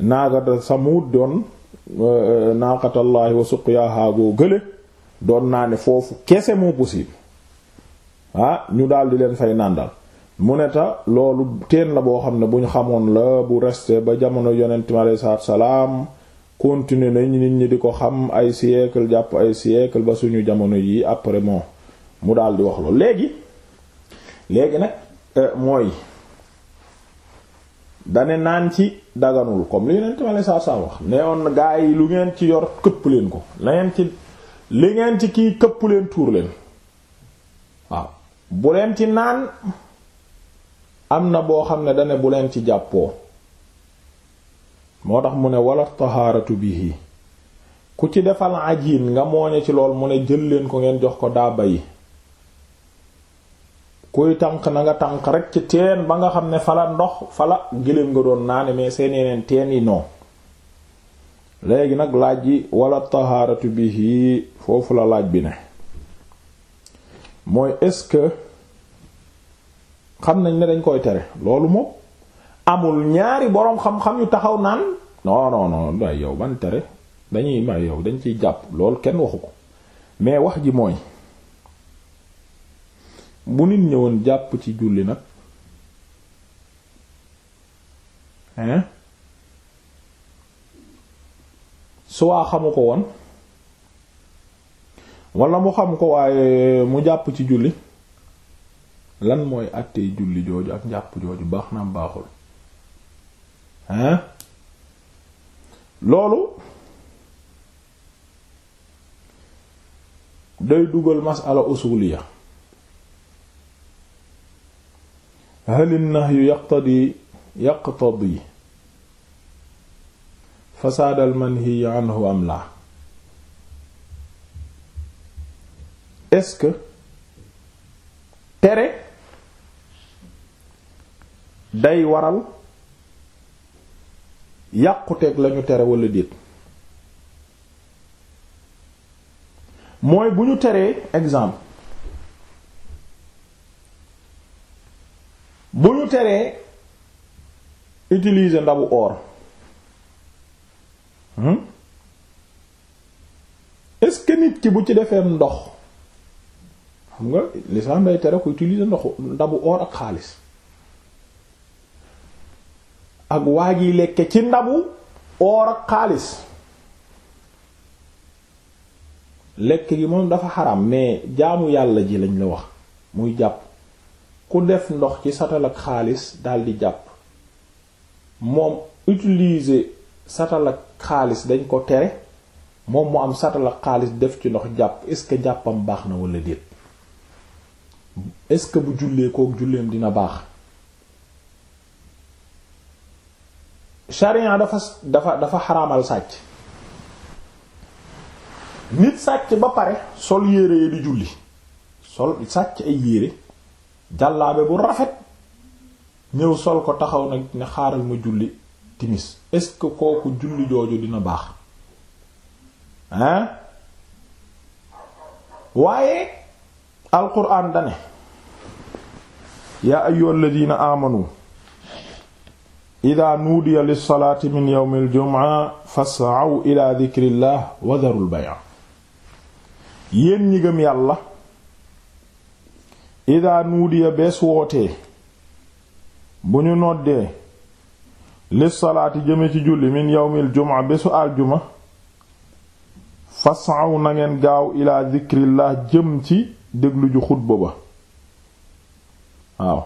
naaga da Samuud doon euh, naaqatallaahi wa suqyaahaa goo gële doon naa ne foofu kese moo possible ah ñu daal di leen fay nàndal mu ne loolu teen la boo xam ne bu ñu xamoon la bu reste ba jamono yonent mi alayhi salaatu salaam continuer nañ nit ñi di ko xam ay siècle jàpp ay siècle ba suñu jamono yii après moom mu daal di wax loolu léegi léegi nag euh, mooy dane naan ci daganul comme li neen tamale saa saa wax nee woon gaa yi lu ngeen ci yor këpp leen ko la ngeen ci li ngeen ci kii këpp leen tuur leen waaw bu leen ci naan am na boo xam ne dane bu leen ci jàppoo moo tax mu ne wala tahaaratu bihi ku ci defal ajiin nga mooñe ci lool mu ne jël leen ko ngeen jox ko daa yi kuy tànk na nga tànk rek ci teen ba nga xam ne fala ndox fala gëléem nga doon naane mais seen yeneen teen yi non léegi nag laaj yi wala tahaaratu yi foofu la laaj bi ne mooy est-ce que xam nañ ne dañ koy tere loolu moom amul ñaari boroom xam-xam yu taxaw naan non non non yow ban tere dañuy may yow dañ ciy jàpp loolu kenn waxu ko mais wax ji mooy bu nit ñëwoon jàpp ci julli nag hein suwaa xamu ko woon wala mu xam ko waaye mu jàpp ci julli lan mooy àttee julli jooju ak njàpp jooju baax na baaxul hein loolu day dugal masala usuliya hal nahyu yaqtadi yi fasaadal manhi yi am la est-ce que tere day waral yàquteeg lañu tere walla déet mooy bu ñu teree exemple tere utilise ndabu or hmm? est-ce que nit ki bu ci defee ndox xam nga l'islam day tere ko utiliser ndoxu ndabu or ak xaalis ak waa gi lekke ci ndabu or ak xaalis lekk gi moom dafa xaram mais jaamu yàlla ji lañ la wax muy jàpp ku def ndox ci satal ak xaalis di jàpp moom utiliser satal ak xaalis dañ ko tere moom mu am satal ak xaalis def ci ndox jàpp est-ce que jàppam baax na wala déet est-ce que bu jullee kook julleem dina baax sharia dafa dafa dafa xaraamal sàcc nit sàcc ba pare sol yére yi di julli sol sàcc ay yére jàllaabe bu rafet ñëw sol ko taxaw nag ne xaaral ma julli timis est kooku julli jooju dina baax hein waaye alquran dane yaa ayyuhal ladina amanu ida nuudiya lilsalaati min yowm aljumca fascaw ila dikrillah wa darul bay' yéen ñi gëm yàlla ida nuudiya bees wootee bu ñu noddee lis salaati jëme ci julli min yawmil jumaa bésu aljuma fasaw wu ngeen gaaw ilaa zikrillah jëm ci déglu ju xutba ba waaw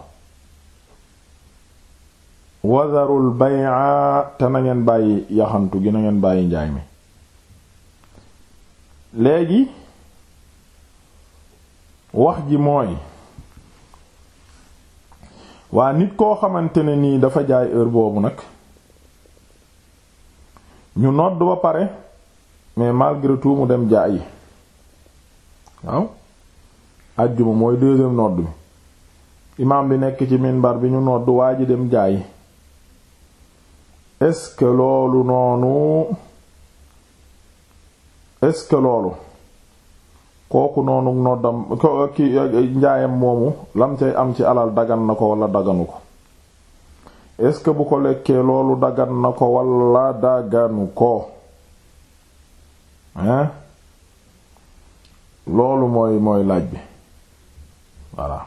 wazarul bay'a te na bàyyi yaxantu gi na bàyyi njaay mi léegi wax ji mooy waa nit koo xamante ne nii dafa jaay heure boobu nag ñu nodd ba pare mais malgré mu dem jaay yi waaw ajjuma mooy deuxième nodd bi imaam bi nekk ci minbar bi ñu nodd waa ji dem jaay yi est loolu noonu est loolu kooku noonu noddam ki njaayam moomu lam cay am ci alal dagan na ko wala dagganu ko est-ce que bu ko lekkee loolu dagan na ko wala daganu ko hein loolu mooy mooy laaj bi voilà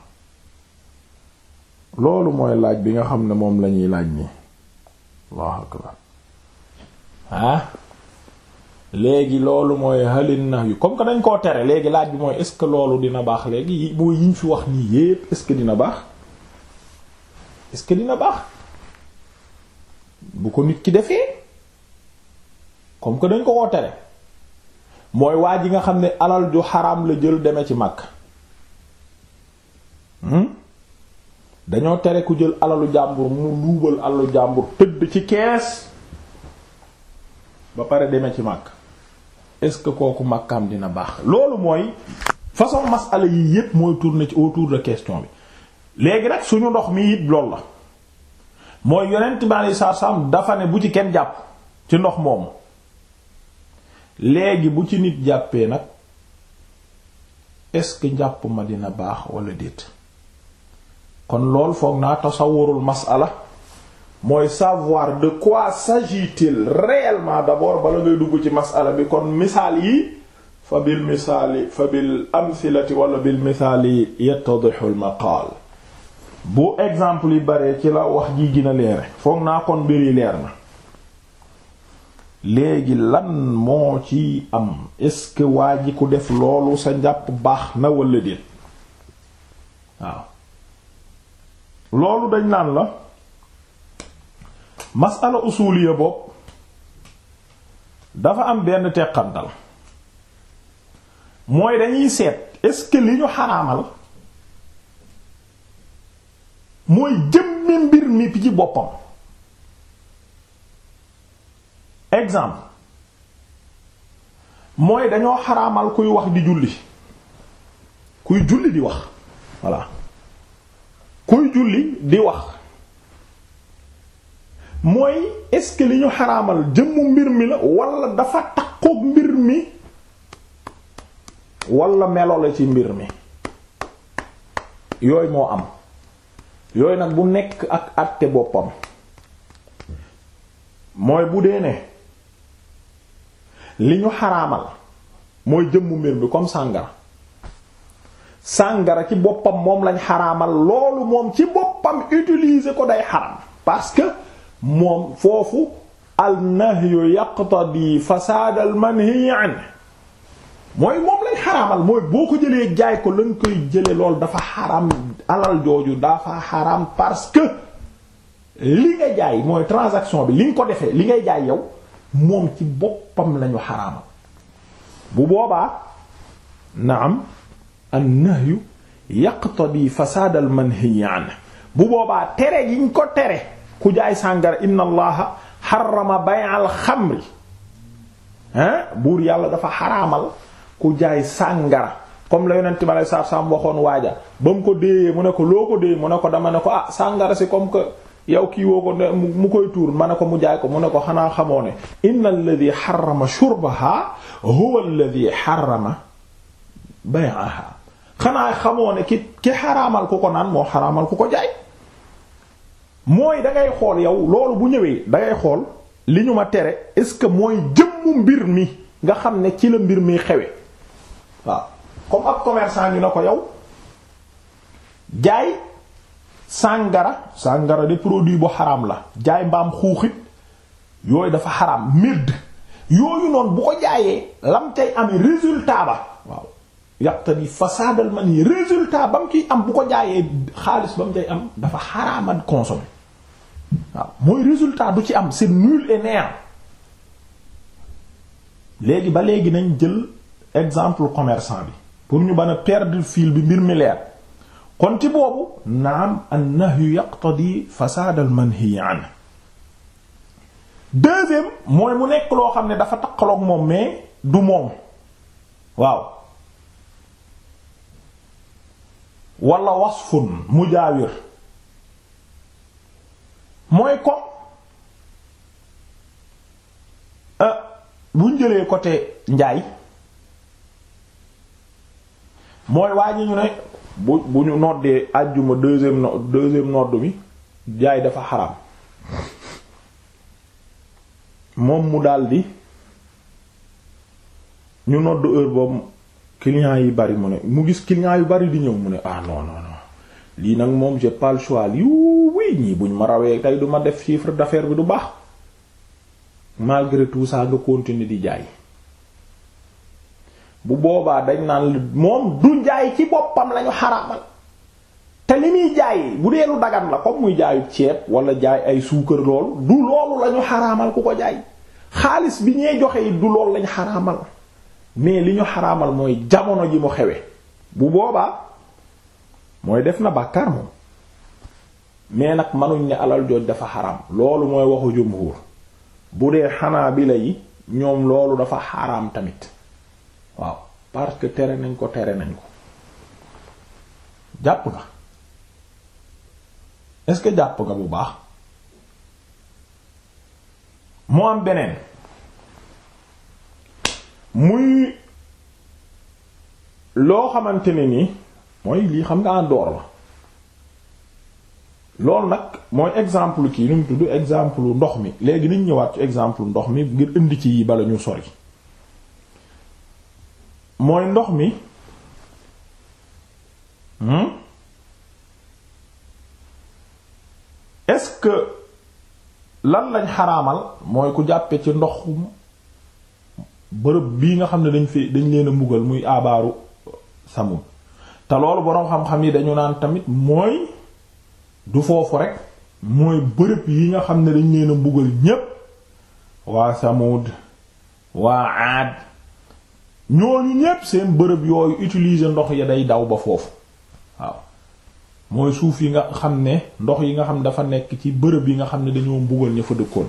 loolu mooy laaj bi nga xam ne moom lañuy laaj nii léegi loolu mooy halin na yu comme que dañ koo tere léegi laaj bi mooy est loolu dina baax léegi mooy yiñ fi wax nii yépp est-ce que dina baax est dina baax bu ko nit ki defee comme que dañ ko koo tere mooy waa ji nga xam ne alal ju xaram la jël deme ci mag hmm? dañoo tere ku jël alalu jàmbur mu luubal alalu jàmbur tëdd ci kees ba pare deme ci mag est-ce que kooku makkaam dina baax loolu mooy façon masala yi yépp mooy tourner ci autour de question bi léegi nag suñu ndox mi it loolu la mooy yonent bi alei saatu salaam dafa ne bu ci kenn jàpp ci ndox moomu léegi bu ci nit jàppee nag est-ce que njàpp dina baax wala déet kon lool foog naa tasawurul masala mooy savoir de quoi s'agit-il réellement d'abord bala ngay dugg ci masala bi kon misaal yi fa bil misaali fa bil amthilati wala bil misaali yattadihu al maqaal bu exemple yu baree ci la wax ji gën a leere foog naa kon mbir leer na léegi lan moo ci am est waa ji ku def loolu sa njàpp baax na wala déet waaw loolu dañ naan la masala usuliya bopp dafa am benn teqantal mooy dañuy seet est li ñu xaramal mooy jëmmi mbir mi ci boppam exemple mooy dañoo xaraamal kuy wax di julli kuy julli di wax voilà kuy julli di wax mooy est-ce que li ñu xaraamal jëmmu mbir mi la wala dafa takkoog mbir mi walla melo la ci mbir mi yooyu moo am yooyu nag bu nekk ak àtte boppam mooy bu dee ne li ñu xaraamal mooy jëmmu mbir mi comme sàngara sàngara ci boppam moom lañ xaraamal loolu moom ci boppam utiliser ko day xaram parce moom foofu al nahyu yaqtadi fasaad al manhi an mooy moom lañ xaraamal mooy boo ko jëlee jaay ko lañ koy jële lool dafa xaraam alal jooju dafa xaraam parce que li nga jaay mooy transaction bi li ko defee li ngay jaay yow moom ci boppam lañu xaraamal bu boobaa naam an nahyu yaqtadi fasaad al manhi an bu boobaa tere gi ñu ko tere ku jaay sàngara inna allaha xarama bay'al xamri ah buur yàlla dafa xaraamal ku jaay sàngara comme la yonent ma lay saar saam waxoon waaja ba mu ko déeyee mu ne ko loo ko déey mu ne ko dama ne ko ah sàngara si comme que yow kii woo ko mu koy tuur ma ne ko mu jaay ko mu ne ko xanaa xamoo ne inna alladi xarama shurbaha huwa alladi xarama bay'aha xanaa xamoo ne ki xaramal xaraamal ku ko naan moo xaraamal ku ko jaay mooy da xool yow loolu bu ñëwee da xool li ñu ma tere est-ce que mooy jëmmu mbir mi nga xam ne ci la mbir mi xewe waaw comme ab commerçant ñu ne ko yow jaay sàngara sàngara de produit bu xaram la jaay mbaam xuuxit yooyu dafa xaram midd yooyu noonu bu ko jaayee lam tay am résultat ba waaw yaqtadi fasadal man yi résultat ba mu ciy am bu ko jaayee xaalis ba mu tay am dafa xaraaman consommer waaw mooy résultat du ci am c'est nul et néant léegi ba léegi nañ jël exemple commerçant bi pour ñu ban a perdre fil bi mbir mi leer kon ci boobu naam an yu yaqtadi fasaad al-manhi anhu deuxième mooy mu nekk loo xam ne dafa takkaloog moom mais du moom waaw wala wasfun mujaawir mooy ko euh, buñ jëlee côté njaay mooy waa ñu ne bu bu ñu noddee àjjuma deuxième no deuxième nodd bi njaay dafa xaram moom mu daldi ñu nodd heure boobu client yi bari mu ne mu gis client yu bari di ñëw mu ne ah non non lii nag moom j'ai pas le choix lii wii buñ ma rawee tey du ma def chiffre d'affaires bi du baax malgré tout ça nga continuer di jaay bu boobaa dañ naan moom du jaay ci boppam lañu xaraamal te li muy jaay bu dee lu dagan la comme muy jaayu ceeb wala jaay ay suukar lool du loolu lañu xaraamal ku ko jaay xaalis bi ñee joxe du loolu lañu xaraamal mais li ñu xaraamal mooy jamono ji mu xewe bu boobaa mooy def na bàkkaar moom mais nag mënuñ ne alal jooj dafa xaram loolu mooy waxu jumhur bu dee bi yi ñoom loolu dafa xaram tamit waaw parce que tere nañ ko tere nañ ko jàpp nga est-ce que jàpp nga bu baax moo am beneen muy loo xamante ne nii mooy lii xam nga àndoor la loolu nag mooy exemple kii nu mu tudd exemple ndox mi léegi nañ ñëwaat ci exemple ndox mi ngir indi ci yi bala ñu sori mooy ndox mi hmm est-ce que lan lañ xaramal mooy ku jàppe ci ndoxum bërëb bii nga xam ne dañ fi dañ leen a mbugal muy abaaru samum te loolu boroom xam-xam yi dañu naan tamit mooy du foofu rekk mooy bërëb yi nga xam ne dañ leen a mbugal ñépp waa Samud waa Aad ñooñu ñépp seen bërëb yooyu utilise ndox ya day daw ba foofu waaw mooy suuf yi nga xam ne ndox yi nga xam ne dafa nekk ci bërëb yi nga xam ne dañoo mbugal ña fa dëkkoon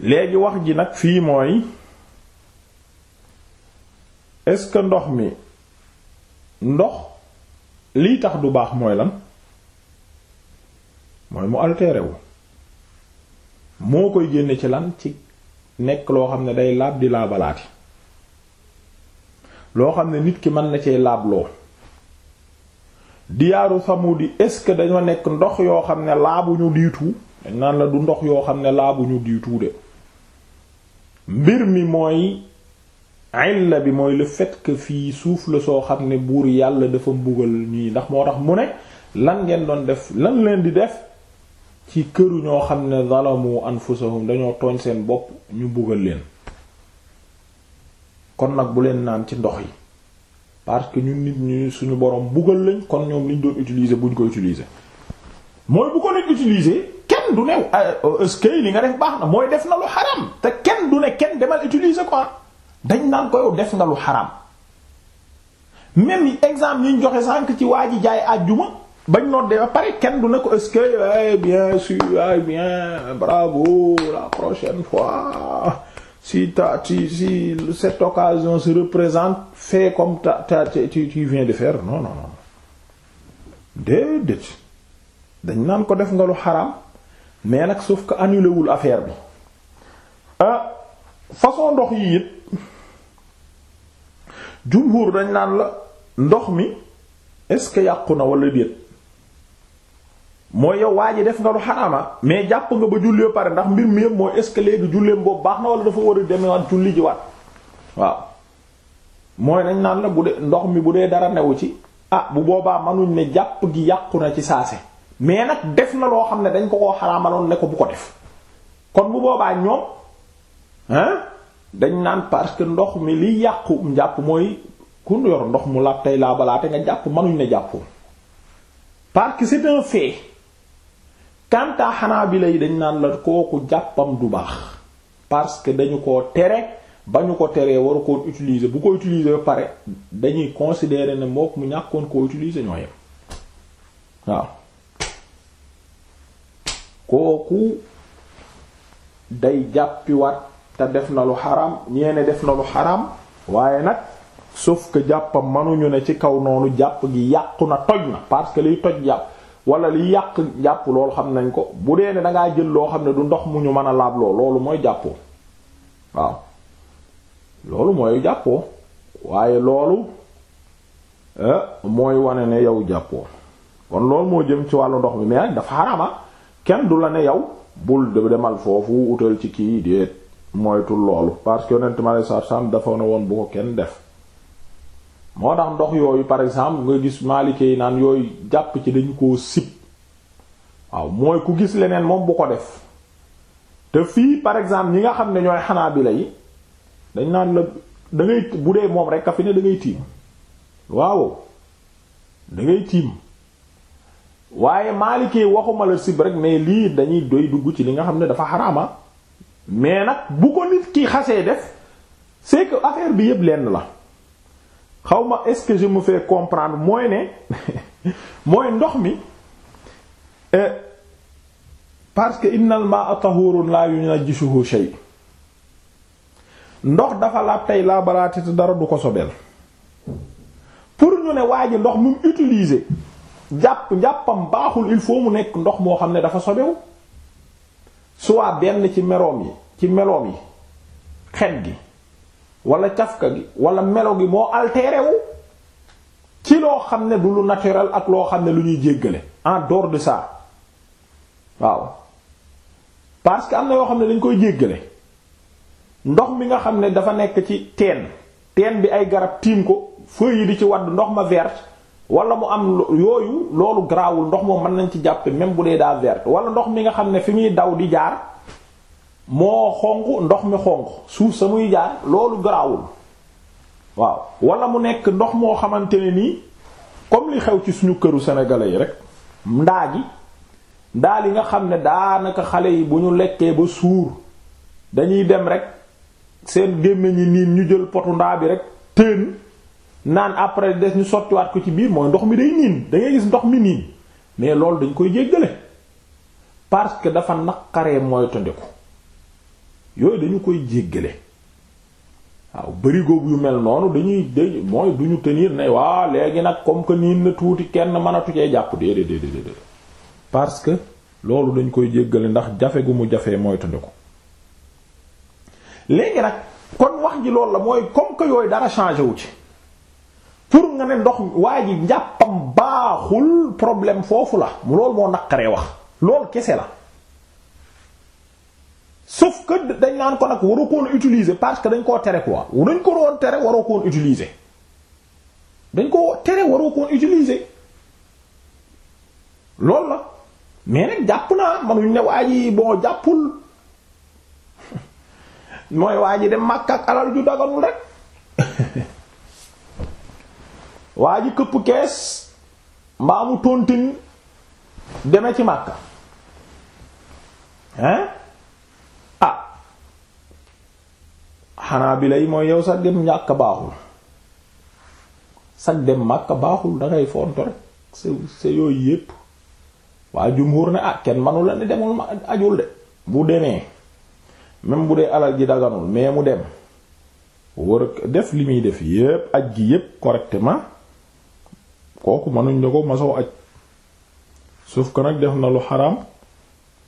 léegi wax ji nag fii mooy est-ce que ndox mi ndox lii tax du baax mooy lan mooy mu altéré wu moo koy génne ci lan ci nekk loo xam ne day laab di laabalaati loo xam ne nit ki mën na cee laab loo diyaaru samudi est-ce que dañoo nekk ndox yoo xam ne laabuñu diitu dañ naan la du ndox yoo xam ne laabuñu diitu de mbir mi mooy illa bi mooy le fait fii suuf la soo xam ne buur yàlla dafa mbugal ñii ndax moo tax mu ne lan ngeen doon def lan leen di def ci këru ñoo xam ne zalamu anfusahum dañoo tooñ seen bopp ñu mbugal leen kon nag bu leen naan ci ndox yi parce ñun nit ñu suñu borom mbugal lañ kon ñoom liñ doon utiliser buñ ko utiliser mooy bu ko nit utiliser kenn du ne euh, est-ce que li nga def baax na mooy def na lu xaram te kenn du ne kenn demal utiliser quoi dañ naan ko def nga lu xaraam même exemple yi ñu joxe sànq ci waa ji jaay àjjuma bañ noddee ba pare kenn du ne ko est eh, bien que eh, bien bien bravo la prochaine fois si ta si si cette occasion se représente fais comme ta ta tu tu viens de faire non non non déedéet dañ naan ko def nga lu xaraam mais nag sauf ko annulé wul affaire bi ah façon ndox yi jumhur dañ naan la ndox mi est-ce que yàqu na wala déet mooy yow waa ji def nga lu xaraama mais jàpp nga ba julli ba pare ndax mbir mi yëpp mooy est-ce que léegi julleem boobu baax na wala dafa war a demewaat julli ji waat waaw mooy dañ naan la bu dee ndox mi bu dee dara newu ci ah bu boobaa mënuñ ne jàpp gi yàqu na ci saase mais nag def na loo xam ne dañ ko koo xaraamaloon ne ko bu ko def kon bu boobaa ñoom hein dañ naan parce que ndox mi li yàqu njàpp mooy ku ndox mu laab tey laa balaate nga jàpp mënuñ ne jàppoo parce que c'est un fait quant à Hanabila yi dañ naan la kooku jàppam du baax parce que dañu ko tere ba ñu ko teree waru koon utiliser bu ko utiliser ba pare dañuy considérer ne mbokk mu ñàkkoon koo utiliser ñoo yem waaw kooku day jàppiwaat te def na lu xaraam ñeene def na lu xaraam waaye nag sauf ko jàppam mënuñu ne ci kaw noonu jàpp gi yàqu na toj na parce que liy toj jàpp wala li yàq jàpp loolu xam nañ ko bu dee ne dangaa jël loo xam ne du ndox mu ñu mën a laabloo loolu mooy jàppoo waaw loolu mooy jàppoo waaye loolu eh, mooy wane ne yow jàppoo kon loolu moo jëm ci wàllu ndox mi mais dafa xaraama ah. kenn du la ne yow bul demal foofu utal ci kii déet moytu loolu parce que yonent ma lay saar dafa ne woon bu ko kenn def moo tax ndox yooyu par exemple nga gis maalike yi naan yooyu jàpp ci dañu koo sib waaw mooy ku gis leneen moom bu ko def te fii par exemple ñi nga xam ne ñooy xanaa xanaabila yi dañ naan la da bu dee moom rek a fi ne da tiim waaw da ngay tiim waaye maalike waxuma la sib rek mais lii dañuy doy dugg ci li nga xam ne dafa xaraama ah. mais nag bu ko nit ki xasee def c'est que affaire bi yépp lenn la xawma ma est-ce comprendre mooy ne mooy ndox mi euh, parce que innal ma'a tahurun la yunajjisuhu shay ndox dafa laab tey laabalaate te dara du ko sobeel pour ñu ne waa ji ndox mu utiliser jàpp jàppam baaxul il faut mu nekk ndox moo xam ne dafa sobewu soit benn ci meloom yi ci meloom yi xet gi wala cafka gi wala melo gi moo altéré ci loo xam ne du lu naturel ak loo xam ne lu ñuy jéggale en dehors de ça waaw parce que am na yoo xam ne dañ koy jéggale ndox mi nga xam ne dafa nekk ci teen teen bi ay garab tiim ko feuilles yi di ci wadd ndox ma verte wala mu am yooyu loolu garaawul ndox moo mën nañ ci jàppe même bu dee daa verte wala ndox mi nga xam ne fi muy daw di jaar moo xonq ndox mi xonq suuf sa muy jaar loolu garaawul waaw wala mu nekk ndox moo xamante ne nii comme li xew ci suñu këru sénégalais yi rek ndaa gi ndaa li nga xam ne daanaka xale yi bu ñu lekkee ba suur dañuy dem rek seen gémmiñ yi niin ñu jël potu ndaa bi rek teen naan après des ñu sottiwaat ko ci biir mooy ndox mi day niin da gis ndox mi niin mais loolu dañu koy jéggale parce que dafa naqaree mooy tondeku yooyu dañu koy jéggale waaw bërigo yu mel noonu dañuy dañ mooy duñu tenir ne waa léegi nag comme que niin na tuuti kenn mënatu cee jàpp déedéet déedéet parce que loolu dañ koy jéggale ndax jafe gu mu jafee mooy tondeku léegi nag kon wax ji loolu la mooy comme que yooyu dara changé wu ci. pour nga ne ndox waa ji njàppam baaxul problème foofu la loolu moo naqaree wax loolu kese la sauf que dañ naan ko nag waroo koon utiliser parce que dañ koo tere quoi dañ ko doon tere waroo koon utiliser dañ ko tere waroo koon utiliser loolu na mais nag jàpp naa manuñ ne waa ji bon jàppul mooy waa ji dem Makka ak alal ju daganul rek waa ji këpp kees mbaa mu tontin deme ci Makka hein ah xanaa bi lay mooy yow sax dem ñàkk baaxul sax dem Makka baaxul dangay fonto rek sa sa yooyu yépp waa jumhur ne ah kenn manu ne demul ma ajul de bu demee même bu dee alal ji daganul mais mu dem wër def li muy def yépp aj gi yépp correctement kooku mënuñ ne ko masoo aj suuf ko nag def na lu xaraam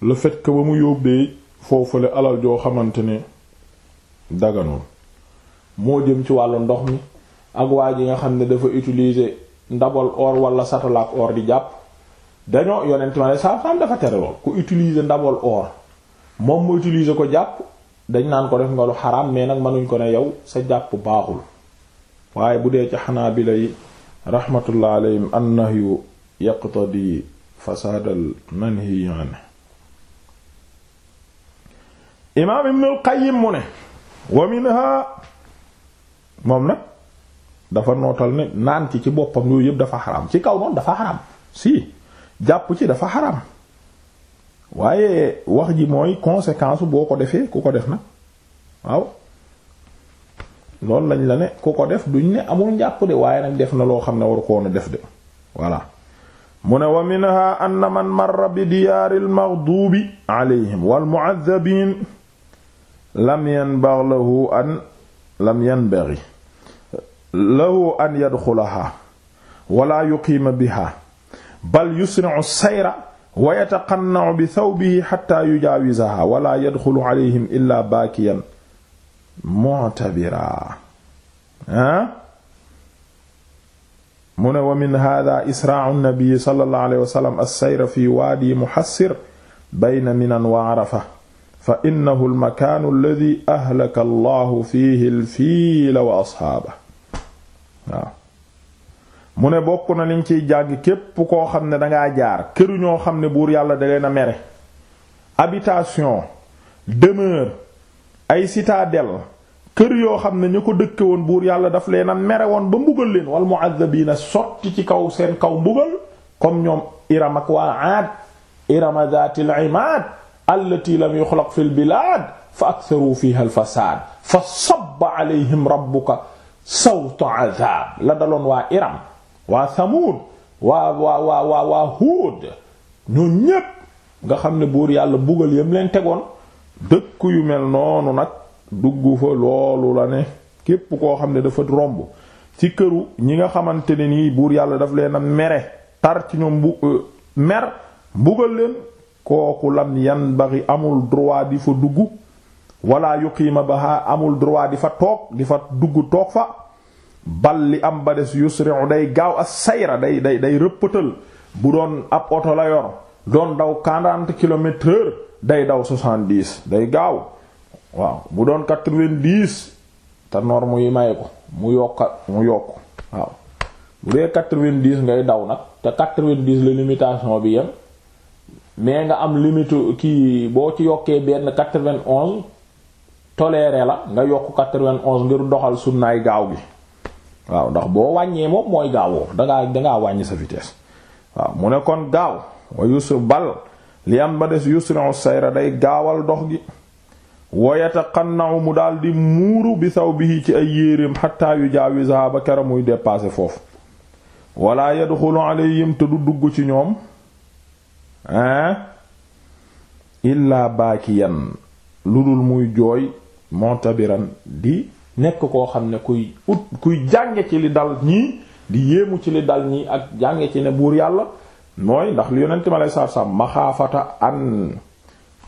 le fait que ba mu yóbbee foofule alal joo xamante ne daganul moo jëm ci wàllu ndox mi ak waa ji nga xam ne dafa utiliser ndabal or wala satalaak or di jàpp dañoo yonent ma ne saam dafa tere lool ku utiliser ndabal or moom mu utiliser ko jàpp dañ naan ko def nga lu xaraam mais nag mënuñ ko ne yow sa jàpp baaxul waaye bu dee ci xanaa bi la raxmatullah alayhim annahyu yaqtadi fasaadal manhi anhu imaam ibnul qayyim mu ne wa moom nag dafa nootal ne naan ci ci boppam yooyu yëpp dafa xaraam ci kaw noonu dafa xaraam si jàpp ci dafa xaraam waaye wax ji mooy conséquence boo ko defee ku ko def na waaw loolu lañ la ne ku ko def duñ ne amul njàpp de waaye nag def na loo xam ne waru koon a def de voilà mu ne wa minha anna man marra bi diyaari almaghdubi alayhim walmu'adhabin lam yanbaghi lahu an lam yanbaghi lahu an yadxulaha wala yuqiima biha bal yusri'u sayra wa yataqanna'u bi thawbihi hatta yujaawizaha wala yadxulu alayhim illa baakiyan mu'tabira ah mu ne wa min hada israa'u nabi sallallahu alayhi wa sallam as-sayr fi waadi muhassir bayna minan wa arafa fa innahu al-makaanu alladhi ahlaka allahu fihi al-fiila wa asxaaba waaw mu ne bokk na liñ ciy jàng képp koo xam ne dangaa jaar këru ñoo xam ne buur yàlla da leen a mere habitation demeure ay citadelle kër yoo xam ne ñu ko dëkke woon buur yàlla daf leen a mere woon ba mbugal leen wal mu'azzabina sotti ci kaw seen kaw mbugal comme ñoom iram ak waa aad irama zatil imad allati lam yuxlaq fil bilad fa aktharu fiha al fasad fa sabba alayhim rabbuka sawta azab la daloon waa iram waa thamud waa waa waa waa waa huud ñoo ñépp nga xam ne buur yàlla mbugal yam leen tegoon dëkk yu mel noonu nag dugg fa loolu la ne képp koo xam ne dafa romb ci këru ñi nga xamante ne nii buur yàlla daf leen a mere tar ci ñoom bu euh, mer mbugal leen kooku lam yan baxi amul droit di fa dugg wala yuqiima baha amul droit di fa toog di fa dugg toog fa bal li am ba des yusri'u day gaaw a sayra day day day rëppatal bu doon ab oto la yor doon daw 40 kilomètres day daw soixante-dix day gaaw waaw bu doon quatre-vingt-dix te norme yi may ko mu yokk mu yokk waaw bu dee quatre-vingt-dix ngay daw nag te quatre-vingt-dix limitation bi yem mais nga am limite kii boo ci yokkee benn quatre-vingt-onze toléré la nga yokk quatre-vingt-onze ngir doxal sunnaay gaaw gi waaw ndax boo wàññee moom mooy gaawoo dangaa dangaa wàññi sa vitesse waaw mu ne kon gaaw wa yusuf bal li am ba des yusri'u sayra day gaawal dox gi wa yataqanna'u mu daal di muuru bi thawbihi ci ay yéeréem xataayu yujaawizaha ba kera muy dépasser foofu wala yadxulu alayhim te du dugg ci ñoom hein illaa baakiyan lu dul muy jooy montabiran di nekk koo xam ne kuy ut kuy jànge ci li dal ñii di yéemu ci li dal ñii ak jànge ci ne buur yàlla mooy ndax li yonent ma lay saar saam maxaafata an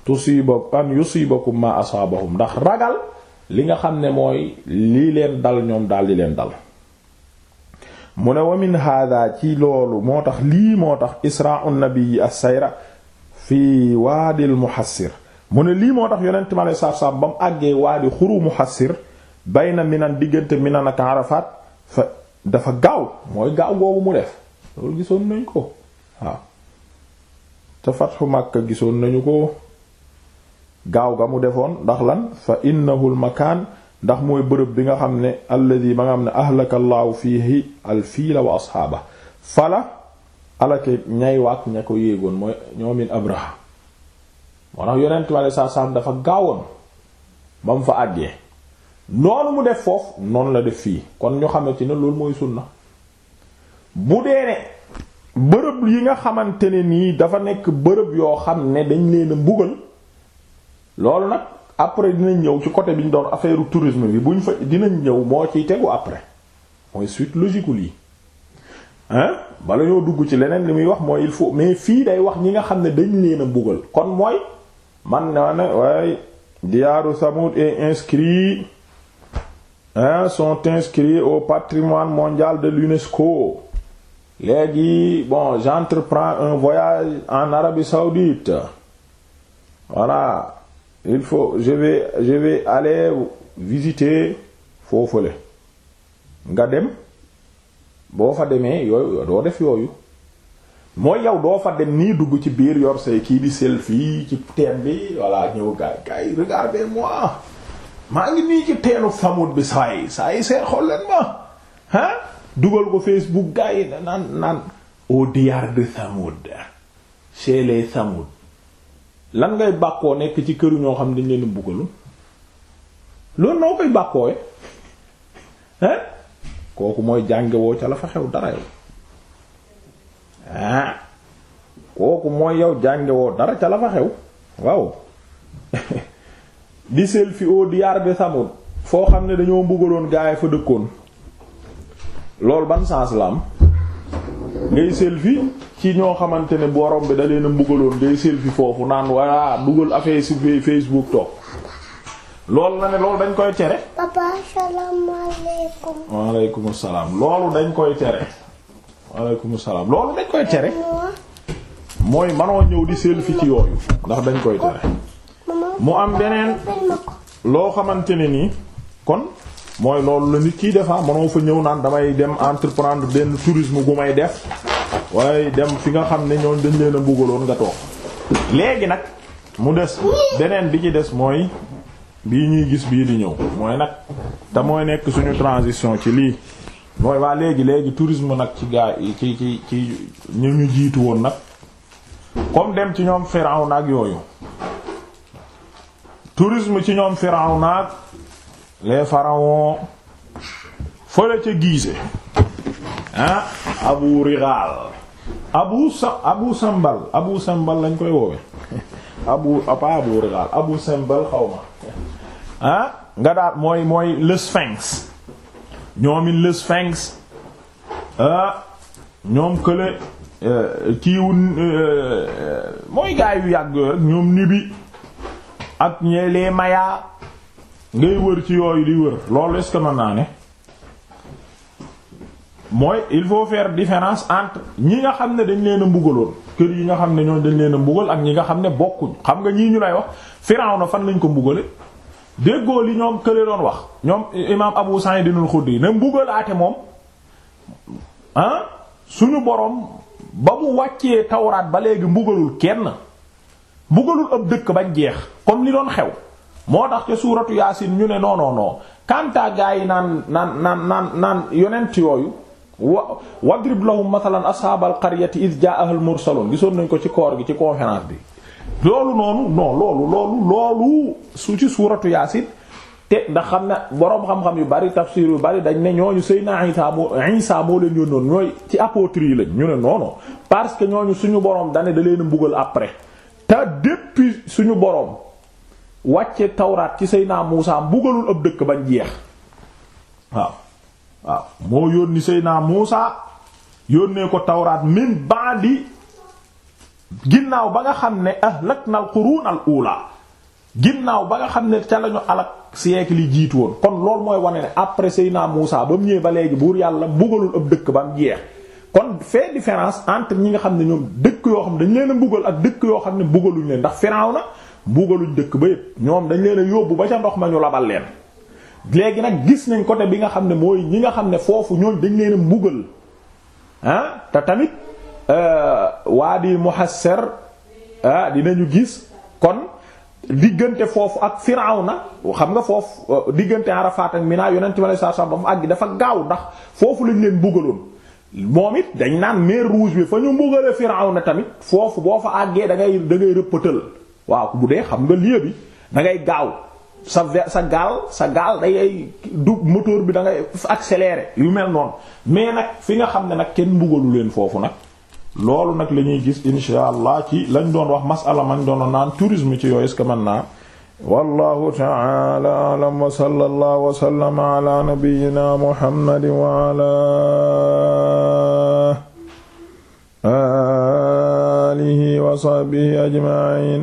tusiba an yusibakum ma asaabahum ndax ragal li nga xam ne mooy lii leen dal ñoom daal di leen dal mu ne wa min ci loolu moo tax lii moo tax isra'u nabii as-sayra fii waadil muhassir mu ne lii moo tax yonent ma lay saar saam ba mu àggee waadi xuru muhassir bayna minan diggante minan ak Arafat fa dafa gaaw mooy gaaw googu mu def loolu gisoon nañ ko waaw ca fatxu a gisoon nañu ko gaaw ga mu defoon ndax lan fa innahul makaan ndax mooy bërëb bi nga xam ne alladi ba nga xam ne ahlaka fii fiihi al wa asxaaba fala alake ñay waak ña ko yéegoon mooy ñoomin Abraha moo tax yonent mi aleyhi salaatu salaam dafa gaawoon ba mu fa àggee noonu mu def foofu noonu la def fii kon ñu xamante ne loolu mooy sunna bu dee ne bërëb yi nga xamante ne nii dafa nekk bërëb yoo xam ne dañ leen a mbugal loolu nag après dinañ ñëw ci côté bi ñu doon affaire tourisme bi buñ fa dinañ ñëw moo ciy tegu après mooy suite logique lii hein bala ñoo dugg ci leneen li muy wax mooy il faut mais fii day wax ñi nga xam ne dañ leen a mbugal kon mooy man naa ne waaye Diyaaru Samud est inscrit hein son inscrits au patrimoine mondial de l'UNESCO léegi bon j'entreprends un voyage en Arabie saoudite voilà il faut je vais je vais aller visiter foofule nga dem boo fa demee yooyu doo def yooyu mooy yow doo fa dem nii dugg ci biir yor say kii di selfie ci teen bi voilà ñëw gaay gaay regardez-moi maa ngi nii ci teenu Samud bi saa yi saa yi seet leen ma ah dugal ko Facebook gars yi naan naan au diyaar de Samoud chez les lan ngay bàkkoo nekk ci këru ñoo xam ne dañ leen buggalu loolu noo koy bàkkoo hein kooku mooy jàngewoo ca la fa xew dara yow ah kooku mooy yow jàngewoo dara ca la fa xew waaw di selfie au diyaar de Samoud foo xam ne dañoo mbugaloon gaay fa dëkkoon loolu ban sens la am ngay selfie ci ñoo xamante ne borom bi da leen a mbugaloon ngay selfie foofu naan walla dugal affaire si Facebook toog loolu la ne loolu dañ koy tere. papa salaam loolu dañ koy tere. waaleykum mooy manoo ñëw di selfie ci yooyu ndax dañ koy tere. mu am beneen loo xamante ne nii kon. mooy loolu la nit kiy defa ah, mënoo fa ñëw naan damay dem entreprendre benn tourisme bu may def waaye dem fi nga xam ne ñooñ dañ leen a mbugaloon nga toog léegi nag mu des beneen bi ci des mooy bi ñuy gis bii di ñëw mooy nag te mooy nekk suñu transition ci lii mooy waa léegi léegi tourisme nag ci gaa yi ci ci ci ñu ñu jiitu woon nag comme dem ci ñoom Firawna nag yooyu tourisme ci ñoom Firawna ak les pharaons fële ca Gizeh ah, Abu Rigal Abu Sambal Abu Sambal lañ koy woowe Abu apa ah, Abu Rigal Abu Sambal xaw ah, nga daal mooy mooy le Sphinx ñoomin le Sphinx ah ñoom kële eh, kiiwu eh, mooy gaay yàgg ñoom nibi ak ñe les ngay wër ci yooyu di wër loolu est-ce que naa ne mooy il faut faire différence entre ñi nga xam ne dañ leen a mbugaloon kër yi nga xam ne ñoom dañ leen a mbugal ak ñi nga xam ne bokkuñ xam nga ñii ñu lay wax na fan lañ ko mbugale déggoo li ñoom kële doon wax ñoom imaam Abu Sa'id al-Khudri ne mbugalaate moom ah suñu boroom ba mu wàccee tawraat ba léegi mbugalul kenn mbugalul ab dëkk bañ jeex comme li doon xew. moo tax ca suuratu yaasin ñu ne noonoo non non kanta gaa yi naan naan naan naan naan yonent yooyu wa wadrib lahum mathalan ashaabal qaryati iz jaa'ahal mursalun gisoon nañ ko ci koor gi ci conférence bi loolu noonu non loolu loolu loolu su ci suuratu yaasin te ndax xam ne boroom xam-xam yu bari tafsir yu bari dañ ne ñooñu Seydina Isa moo Isa moo leen yónnoon ñooy ci apôtres yi lañ ñu ne noonu parce que ñooñu suñu boroom dane da leen a mbugal après te depuis suñu boroom wàcce tawraat ci naa Muusa mbugalul ab dëkk bañ jeex waaw waaw moo yónni Seydina Muusa yónnee ko tawraat min ba'di ginnaaw ba nga xam ne ahlakna al qurun al ula ginnaaw ba nga xam ne ca lañu alak siècle yi jiitu woon kon loolu mooy wane ne après Seydina Muusa ba mu ñëwee ba léegi buur yàlla mbugalul ab dëkk bam jeex kon fait différence entre ñi nga xam ne ñoom dëkk yoo xam ne dañ leen a mbugal ak dëkk yoo xam ne mbugaluñ leen ndax na mbugaluñ dëkk ba yépp ñoom dañ leen a yóbbu ba ca ndox ma ñu labal leen léegi nag gis nañ ko côté bi nga xam ne mooy ñi nga xam ne foofu ñooñ dañ leen a mbugal ah te tamit euh, waadi muhassar ah ñu gis kon diggante foofu ak Firawna xam nga foofu euh, diggante Arafat ak Mina yonent ma lay saa saa ba mu àgg dafa gaaw ndax foofu lañ leen mbugaloon moom it dañ naan mer rouge bi fa ñu mbugale na tamit foofu boo fa àggee da ngay da waaw bu dee xam nga lieu bi da ngay gaaw sa sa gaal sa gaal dayay du moteur bi da ngay yu mel noonu mais nag fi nga xam ne nag kenn mbugalu leen foofu nag loolu nag la ñuy gis insha ci lañ doon wax masala mañ doon naan tourisme ci yooyu est-ce naa wallahu ta'ala a'lam wa sallallahu wa sallama ala nabiyyina muhammadin wa ala alihi wa sahbihi ajma'in